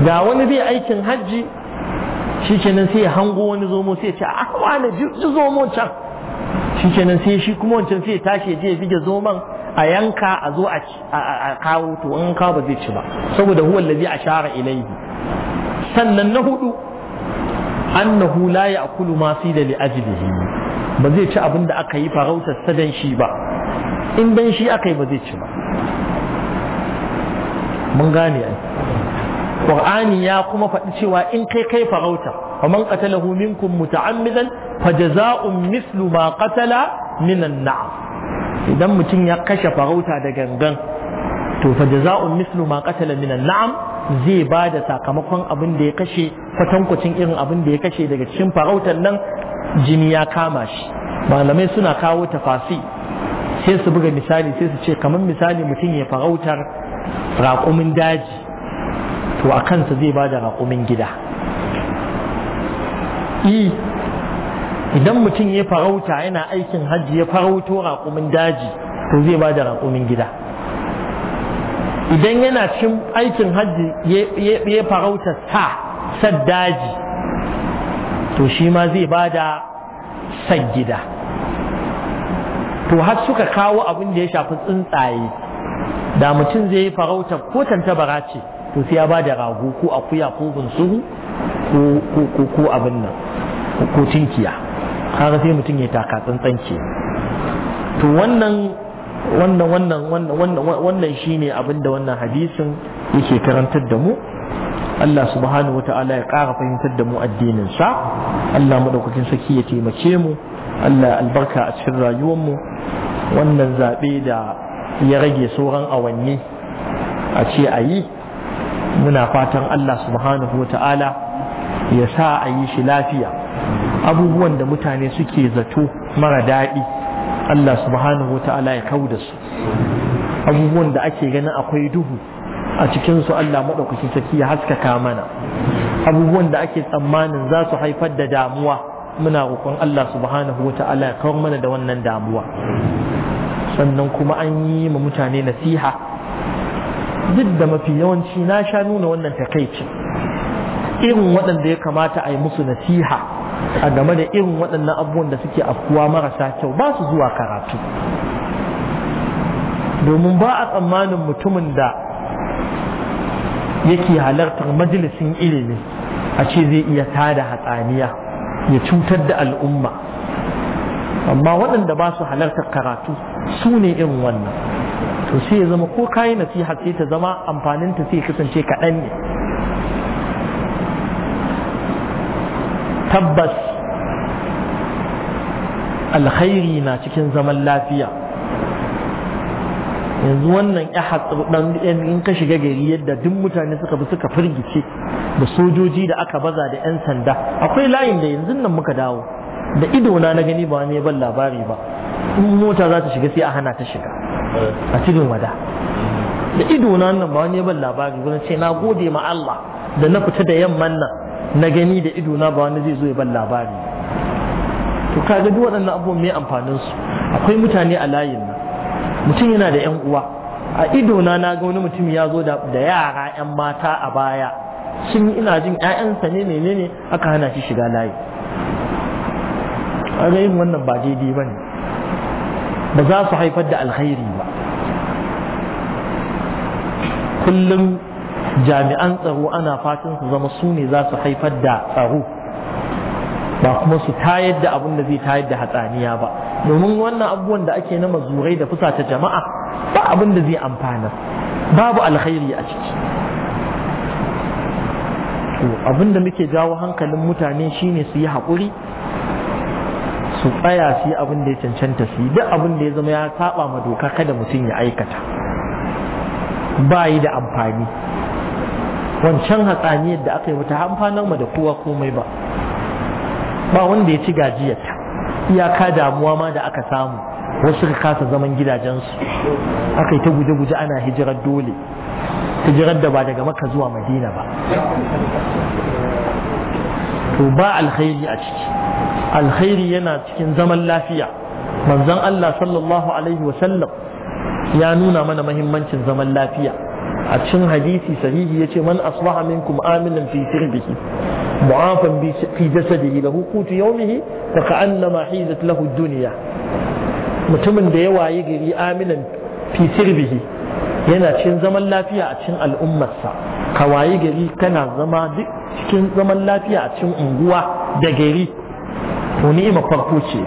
ga wani zai aikin hajji shi kenan sai ya hango wani zomo sai ya ce a ah, wani ji zomo can shi sai kuma wancan sai ya tashi ya je ya bige zoman a yanka a zo a kawo to in kawo ba ci ba saboda huwa a shara ilaihi sannan na hudu annahu la ya'kulu ma fi da li'ajlihi ba zai ci abin da aka yi farautar sa shi ba in dan shi aka yi ba zai ci ba mun gane ai Qur'ani ya kuma faɗi cewa in kai kai farauta wa man qatalahu minkum muta'ammidan fajaza'un mislu ma qatala minan na'am idan mutum ya kashe farauta da gangan to fa fajaza'un mislu ma qatala minan na'am zai ba da sakamakon abin da ya kashe kwatankwacin irin abin da ya kashe daga cikin farautar nan jini ya kama shi malamai suna kawo tafasi sai su buga misali sai su ce kamar misali mutum ya farautar raƙumin daji to a kansa zai ba da raƙumin gida idan mutum ya farauta yana aikin hajji ya farauto raƙumin daji to zai ba da raƙumin gida idan yana cin aikin hajji ya farauta ta saddaji to shi ma zai ba da saggida to har suka kawo abin da ya shafi tsuntsaye da mutum zai yi farauta ko tantabara ce to sai ya ba da rago ko akuya ko bunsuru ko abin nan ko tinkiya kaga sai mutum ya taka tsantsanke to wannan wannan wannan wannan wannan shine abin da wannan hadisin yake karantar da mu Allah subhanahu wata'ala ya ƙara fahimtar da mu addinin sa Allah madaukakin saki ya taimake mu Allah albarka a cikin rayuwar mu wannan zaɓe da ya rage sauran awanni a ce a yi muna fatan Allah subhanahu wa ya sa a yi shi lafiya abubuwan da mutane suke zato mara daɗi Allah subhanahu ta'ala ya kau da su abubuwan da ake ganin akwai duhu a cikin su Allah madaukakin sarki ya haskaka mana abubuwan da ake tsammanin za su haifar da damuwa muna roƙon Allah subhanahu ta'ala ya kawar mana da wannan damuwa sannan kuma an yi ma mutane nasiha duk da mafi yawanci na sha nuna wannan takaici irin waɗanda ya kamata a yi musu nasiha a game da irin waɗannan abubuwan da suke afkuwa marasa kyau ba su zuwa karatu domin ba a tsammanin mutumin da yake halartar majalisin ilimi a ce zai iya tada hatsaniya ya cutar da al'umma amma waɗanda ba su halartar karatu su ne irin wannan to sai ya zama ko kayi nasiha sai ta zama amfaninta sai kasance kaɗan ne tabbas alkhairi na cikin zaman lafiya yanzu wannan ɗan in ka shiga gari yadda duk mutane suka bi suka firgice da sojoji da aka baza da 'yan sanda akwai layin da yanzu nan muka dawo da idona na gani ba wani ban labari ba in mota za ta shiga sai a hana ta shiga a cikin wada da idona nan ba wani ban labari wani ce na gode ma Allah da na fita da yamman nan na gani da ido na ba wani zai zo ya ban labari to kaga duk waɗannan abubuwan mai amfanin su akwai mutane a layin nan mutum yana da yan uwa a ido na na ga wani mutum ya zo da yara yan mata a baya shin ina jin ƴaƴansa ne menene aka hana shi shiga layi kaga yin wannan ba daidai bane ba za su haifar da alkhairi ba kullum jami'an tsaro ana fatan su zama su ne za su haifar da tsaro ba kuma su tayar da abin da zai tayar da hatsaniya ba domin wannan abubuwan da ake na mazurai da fusata jama'a ba abin da zai amfana babu alkhairi a ciki abin da muke jawo hankalin mutane shine su yi haƙuri su tsaya su yi abin da ya cancanta su yi duk abin da ya zama ya saba ma doka kada mutum ya aikata ba da amfani wancan hatsaniyar da aka yi mata amfanar mu da kowa komai ba ba wanda ya ci gajiya iyaka damuwa ma da aka samu wasu ka kasa zaman gidajensu aka yi ta guje-guje ana hijirar dole hijirar da ba daga maka zuwa madina ba to ba alkhairi a ciki alkhairi yana cikin zaman lafiya manzon Allah sallallahu alaihi wasallam ya nuna mana mahimmancin zaman lafiya a cikin hadisi sahihi yace man asbaha minkum aminan fi sirbihi mu'afan fi jasadihi lahu qutu yawmihi fa ka'annama hizat lahu dunya mutumin da ya waye gari aminan fi sirbihi yana cikin zaman lafiya a cikin al'ummarsa ka waye gari kana zama duk cikin zaman lafiya a cikin unguwa da gari to ni'ima farko ce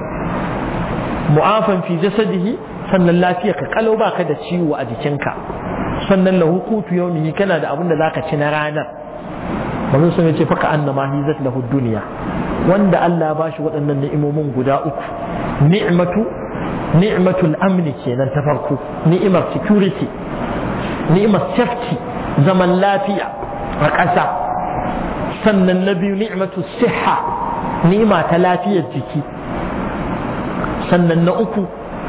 mu'afan fi jasadihi sannan lafiya ka kalau baka da ciwo a jikinka sannan lahu kutu yawmihi kana da abin da zaka ci na ranar manzon sun ce faka annama hizat lahu dunya wanda Allah ba shi waɗannan ni'imomin guda uku ni'matu ni'matul amni kenan ta farko ni'imar security ni'imar safety zaman lafiya a ƙasa sannan na biyu ni'matu siha ni'ima ta lafiyar jiki sannan na uku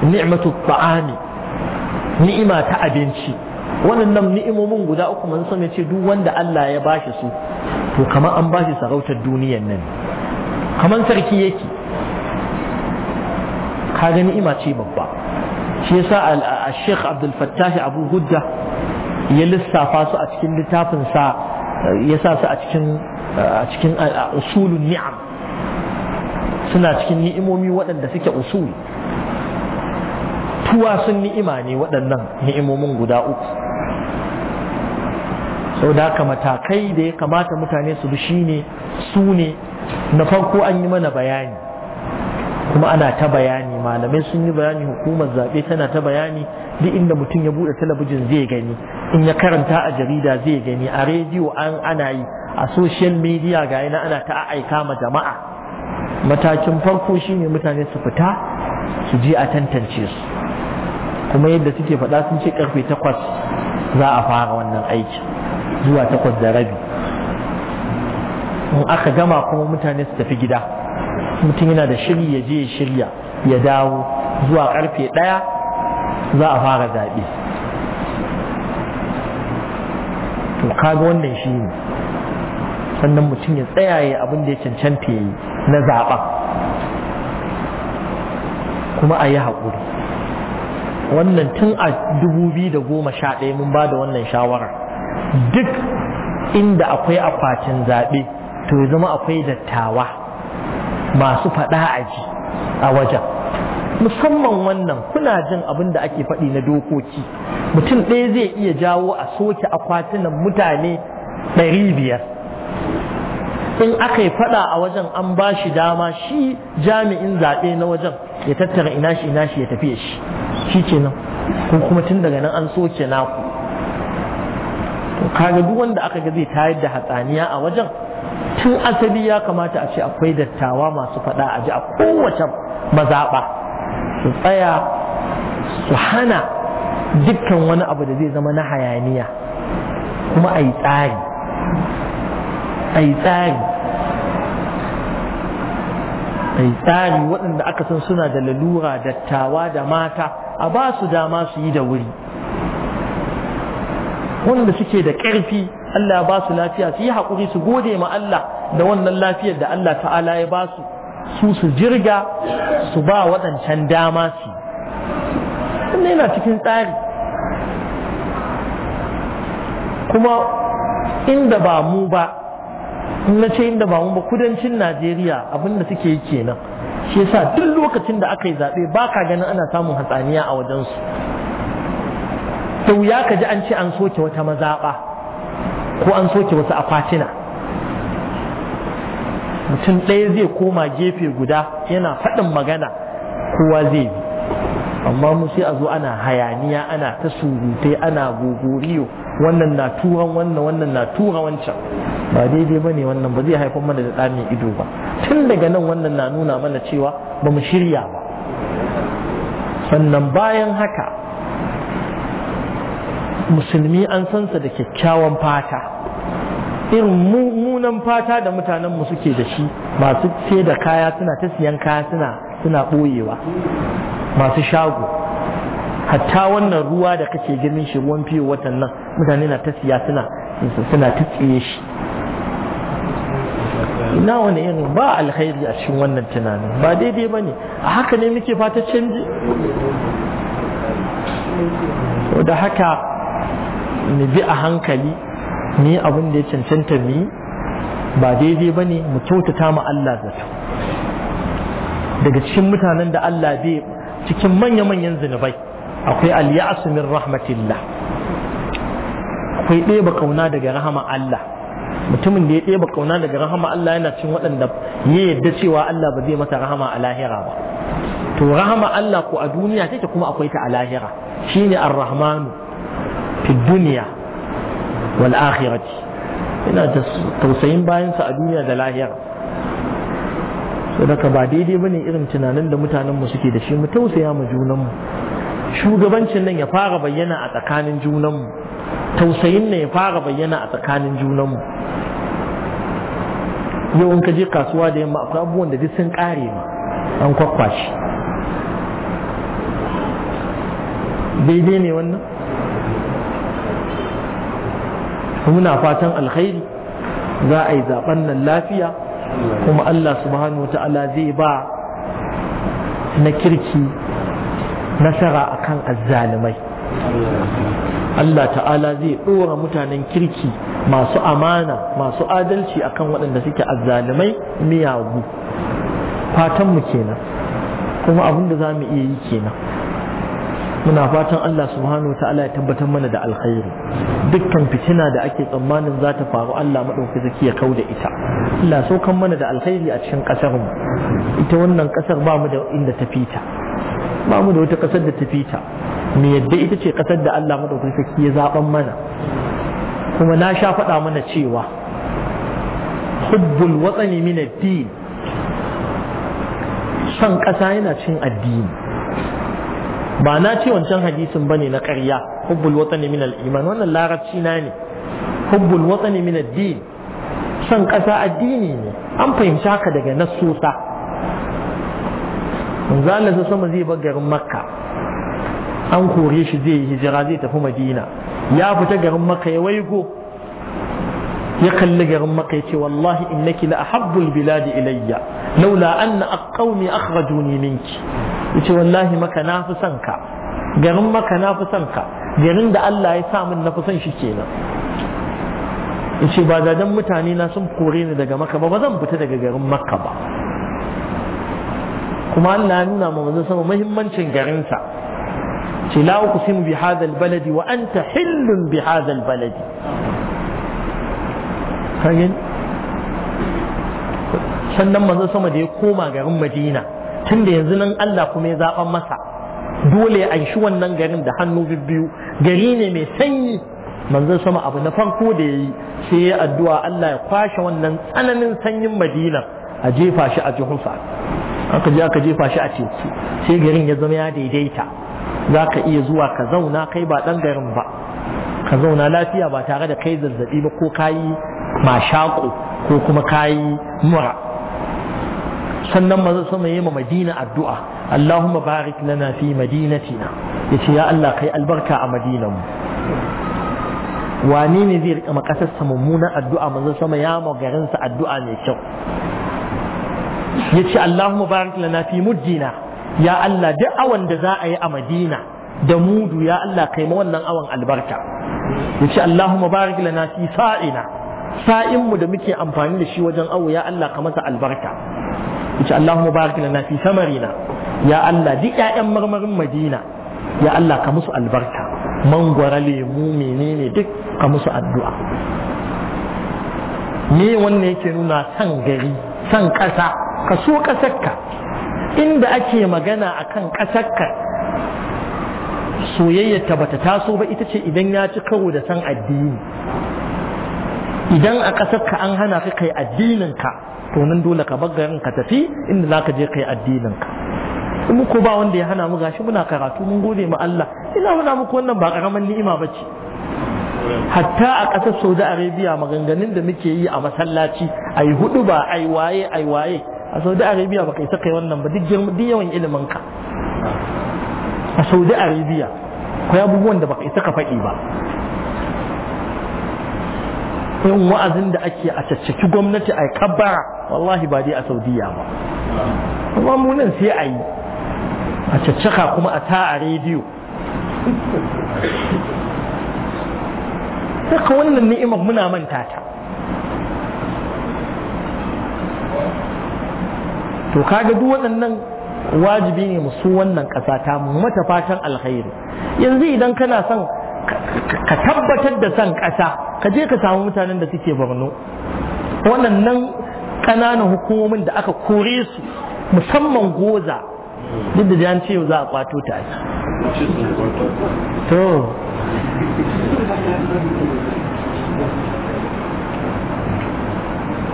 ni'matu ta'ami ni'ima ta abinci waɗannan ni'imomin guda uku mun san ce duk wanda Allah ya bashi su to kamar an bashi sarautar duniyar nan kamar sarki yake ka ga ni'ima ce babba shi yasa al-Sheikh Abdul Fattah Abu Hudda ya lissafa su a cikin littafin sa yasa su a cikin a cikin usulun ni'am suna cikin ni'imomi waɗanda suke usul tuwa sun ni'ima ne waɗannan ni'imomin guda uku sau da haka matakai da ya kamata mutane su bi shine su ne na farko an yi mana bayani kuma ana ta bayani malamai sun yi bayani hukumar zaɓe tana ta bayani duk inda mutum ya buɗe talabijin zai gani in ya karanta a jarida zai gani a rediyo an ana yi a social media ga yana ana ta aika ma jama'a matakin farko shine mutane su fita su je a tantance su kuma yadda suke faɗa sun ce karfe takwas za a fara wannan aiki. zuwa takwas da rabi in aka gama kuma mutane su tafi gida mutum yana da shiri ya je ya shirya ya dawo zuwa karfe ɗaya za a fara zaɓe to kaga wannan shi ne sannan mutum ya tsayaye abin da ya cancanta ya yi na zaɓa kuma a yi haƙuri wannan tun a 2011 mun ba da wannan shawarar duk inda akwai akwatin zaɓe to ya zama akwai dattawa masu faɗa a ji a wajen musamman wannan kuna jin abin da ake faɗi na dokoki mutum ɗaya zai iya jawo a soke akwatunan mutane ɗari biyar in aka yi faɗa a wajen an ba shi dama shi jami'in zaɓe na wajen ya tattara ina shi ina shi ya tafiye shi shi kenan ko kuma tun daga nan an soke naku kaga duk wanda aka ga zai tayar da hatsaniya a wajen tun asali ya kamata a ce akwai dattawa masu faɗa a ji a kowace mazaɓa su tsaya su hana dukkan wani abu da zai zama na hayaniya kuma a yi tsari a yi tsari a yi tsari waɗanda aka san suna da lalura dattawa da mata a ba su dama su yi da wuri wanda suke da ƙarfi Allah ba su lafiya su yi haƙuri su gode ma Allah da wannan lafiyar da Allah ta'ala ya ba su su su jirga su ba waɗancan dama su wannan yana cikin tsari kuma inda ba mu ba na ce inda ba mu ba kudancin Najeriya abinda suke yi kenan shi yasa duk lokacin da aka yi zaɓe ba ka ganin ana samun hatsaniya a wajensu da wuya ka ji an ce an soke wata mazaɓa ko an soke wasu akwatina mutum ɗaya zai koma gefe guda yana faɗin magana kowa zai bi amma mu sai a zo ana hayaniya ana ta surutai ana gogoriyo wannan na turan wannan wannan na tura wancan ba daidai ba ne wannan ba zai haifar mana da tsamin ido ba tun daga nan wannan na nuna mana cewa ba mu shirya ba sannan bayan haka musulmi an sansa da kyakkyawan fata irin munan fata da mutanen mu suke da shi masu sai da kaya suna ta siyan kaya suna suna boyewa masu shago hatta wannan ruwa da kake ganin shi ruwan fiye watan nan mutane na ta siya suna suna ta tsiye shi ina wani irin ba alkhairi a cikin wannan tunanin ba daidai ba ne a haka ne muke fata canji da haka mu bi a hankali mu yi abin da ya cancanta mu yi ba daidai ba ne mu kyautata ma Allah zato daga cikin mutanen da Allah bai cikin manya-manyan zunubai akwai aliyasu min rahmatillah akwai ɗeba kauna daga rahama Allah mutumin da ya ɗeba kauna daga rahama Allah yana cin waɗanda ya yadda cewa Allah ba zai masa rahama a lahira ba to rahama Allah ko a duniya ta kuma akwai ta a lahira shine ar-rahmanu fi duniya wal akhirati ina tausayin sa a duniya da lahiyar. saboda ba daidai bane irin tunanin da mutanen mu suke da shi mu tausaya mu junan mu shugabancin nan ya fara bayyana a tsakanin junan mu tausayin nan ya fara bayyana a tsakanin junan mu yau in ka je kasuwa da yamma akwai abubuwan da duk sun kare ma an kwakwashi daidai ne wannan muna fatan alkhairi za a yi zaben nan lafiya kuma Allah subhanahu wa ta'ala zai ba na kirki nasara akan azzalimai Allah ta'ala zai ɗora mutanen kirki masu amana masu adalci akan waɗanda suke azzalumai miyagu fatanmu kenan kuma abin da za mu iya yi kenan muna fatan Allah subhanahu wa ta'ala ya tabbatar mana da alkhairi dukkan fitina da ake tsammanin za ta faru Allah maɗauki zaki ya kauda ita Allah saukan mana da alkhairi a cikin ƙasar mu ita wannan ƙasar ba mu da inda ta fita ba mu da wata ƙasar da ta fita yadda ita ce ƙasar da Allah maɗauki zaki ya zaɓan mana kuma na sha faɗa mana cewa hubbul watsani min ad-din san ƙasa yana cin addini ba na ce wancan hadisin ba ne na ƙarya hubbul watani min al-iman wannan larabci na ne hubbul watani min ad-din ƙasa addini ne an fahimci haka daga nasusa za a sai sama zai bar garin Makka an kore shi zai yi hijira zai tafi Madina ya fita garin Makka ya waigo ya kalli garin Makka ya ce wallahi innaki la ahabbul biladi ilayya laula anna aqawmi akhrajuni minki yace wallahi maka na fi son ka garin maka na fi son ka garin da Allah ya sa min na fi son shi kenan yace ba da dan mutane na sun kore ni daga maka ba ba zan fita daga garin makka ba kuma Allah ya nuna ma manzon sama muhimmancin garinsa ce la uqsimu bi hadha baladi wa anta hillun bi hadha baladi kagin sannan manzon sama da ya koma garin Madina tun da yanzu nan Allah kuma ya zaɓan masa dole ya shi wannan garin da hannu biyu gari ne mai sanyi manzo sama abu na farko da yayi sai ya addu'a Allah ya kwashe wannan tsananin sanyin Madina a jefa shi a Juhufa aka je aka jefa shi a teku sai garin ya zama ya daidaita zaka iya zuwa ka zauna kai ba ɗan garin ba ka zauna lafiya ba tare da kai zazzabi ba ko kayi mashako ko kuma kayi mura sannan manzo sama yayi ma Madina addu'a Allahumma barik lana fi madinatina yace ya Allah kai albarka a madinan mu wani ne zai rika makasar sa mummunan addu'a manzo sama ya ma garin sa addu'a mai kyau yace Allahumma barik lana fi muddina ya Allah duk awan da za a yi a Madina da mudu ya Allah kai ma wannan awan albarka yace Allahumma barik lana fi sa'ina sa'in mu da muke amfani da shi wajen awo ya Allah ka masa albarka Allah mu barki lana fi samarina ya Allah duk ƴaƴan marmarin Madina ya Allah ka musu albarka mangwara lemu menene duk ka musu addu'a me wannan yake nuna san gari san ƙasa ka so ƙasarka inda ake magana akan ƙasarka soyayyarta bata taso ba ita ce idan ya ci karo da san addini idan a ƙasarka an hana ka kai ka. to nan dole ka bar garin ka tafi inda zaka je kai addinin ka mu ko ba wanda ya hana mu gashi muna karatu mun gode ma Allah ina muna muku wannan ba karaman ni'ima bace hatta a ƙasar Saudi Arabia maganganun da muke yi a masallaci ai hudu ba ai waye ai waye a Saudi Arabia ba isa kai wannan ba duk yawan ilimin ka a Saudi Arabia akwai abubuwan da baka isa ka faɗi ba in wa'azin da ake a caccaki gwamnati a kabbara wallahi ba dai a saudiya ba amma munan sai a yi a caccaka kuma a ta a rediyo saka wannan ni'imar muna manta ta to kaga duk waɗannan wajibi ne musu wannan ƙasa ta mata fatan alkhairi yanzu idan kana son ka tabbatar da san ƙasa ka je ka samu mutanen da suke borno waɗannan ƙananan hukumomin da aka kore su musamman goza duk da jan ce za a kwato ta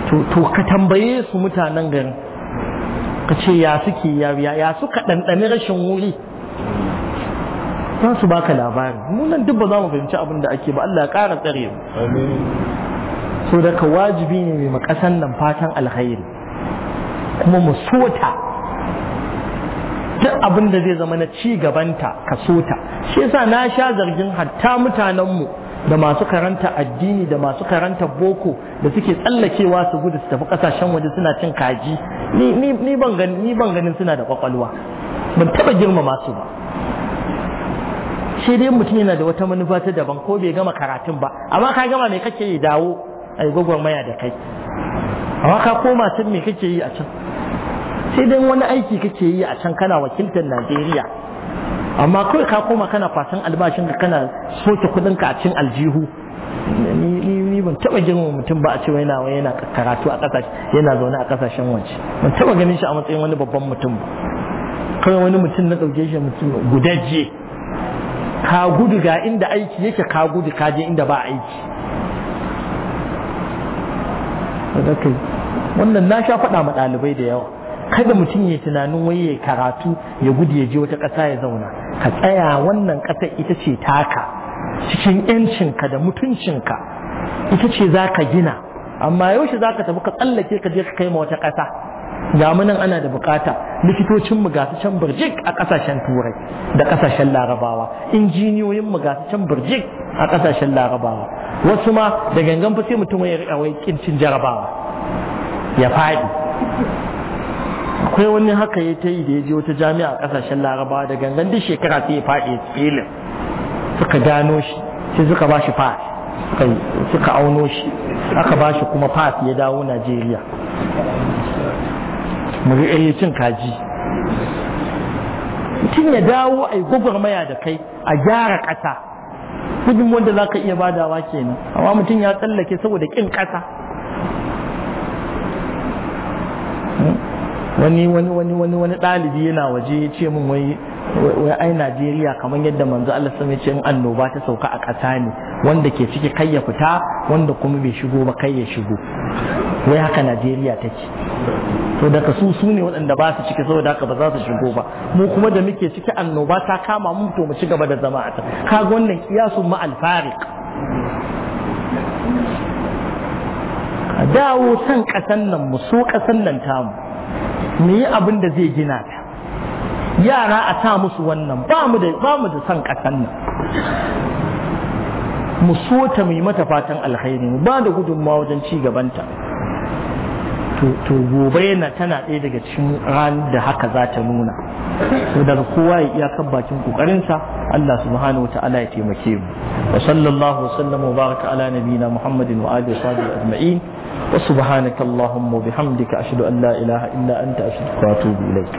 to to ka tambaye su mutanen garin ka ce ya suke ya suka ɗanɗani rashin wuri san su baka labari mu nan duk ba za mu fahimci abin da ake ba Allah ya ƙara tsare mu so daga wajibi ne mai makasan nan fatan alkhairi kuma mu sota duk abin da zai zama na ci gabanta ka sota shi yasa na sha zargin hatta mu da masu karanta addini da masu karanta boko da suke tsallakewa su gudu su tafi kasashen waje suna cin kaji ni ban ganin suna da kwakwalwa ban taba girma masu ba sai dai mutum yana da wata manufa ta daban ko bai gama karatun ba amma ka gama me kake yi dawo a gwagwar maya da kai amma ka koma can me kake yi a can sai dai wani aiki kake yi a can kana wakiltar Najeriya amma kawai ka koma kana fatan albashin ka kana soke kudin ka a cin aljihu ni ban taba girma mutum ba a ce nawa yana karatu a kasashe yana zaune a kasashen waje ban taba ganin shi a matsayin wani babban mutum ba kawai wani mutum na dauke shi mutum gudajje ka gudu ga inda aiki yake ka gudu ka je inda ba aiki wannan na sha faɗa ma ɗalibai da yawa kada mutum ya tunanin wai ya karatu ya gudu ya je wata ƙasa ya zauna ka tsaya wannan ƙasa ita ce taka cikin yancinka da mutuncinka ita ce za ka gina amma yaushe za ka tafi ka tsallake ka je ka kai ma wata ƙasa ga munan ana da bukata likitocin mu su can birjik a kasashen turai da kasashen larabawa injiniyoyin mu su can birjik a kasashen larabawa wasu ma da gangan fa sai mutum ya riƙa wai kincin jarabawa ya fadi akwai wani haka ya ta yi da ya je wata jami'a a kasashen larabawa da gangan duk shekara sai ya fadi ya tsilin suka gano shi sai suka ba shi fas suka auno shi aka bashi kuma fas ya dawo najeriya mu ga eh, cin kaji mutum ya dawo a yi gwagwarmaya da kai a gyara ƙasa gudun wanda za ka iya badawa kenan amma mutum ya tsallake saboda ƙin ƙasa wani wani wani wani wani ɗalibi yana waje ya ce min wai wai ai Najeriya kamar yadda manzo Allah sun ce in annoba ta sauka a ƙasa ne wanda ke ciki kai ya fita wanda kuma bai shigo ba kai ya shigo wai haka Najeriya take to daga su su ne waɗanda ba su ciki saboda haka ba za su shigo ba mu kuma da muke ciki annoba ta kama mu to mu ci gaba da zama a ta kaga wannan kiyasun ma alfarik dawo san ƙasan nan mu so ƙasan nan tamu mu yi abin da zai gina ta yara a sa musu wannan ba mu da ba mu san ƙasan nan mu so ta mai mata fatan alheri mu ba da gudunmawa wajen ci gabanta to gobe na tana ɗaya daga cikin ran da haka za ta nuna daga kowa ya kan bakin kokarinsa Allah subhanahu wata'ala ya taimake mu wa sallallahu sallama wa baraka ala nabiyina Muhammadin wa alihi wa sahbihi ajma'in wa subhanaka allahumma bihamdika ashhadu an la ilaha illa anta astaghfiruka wa atubu ilayk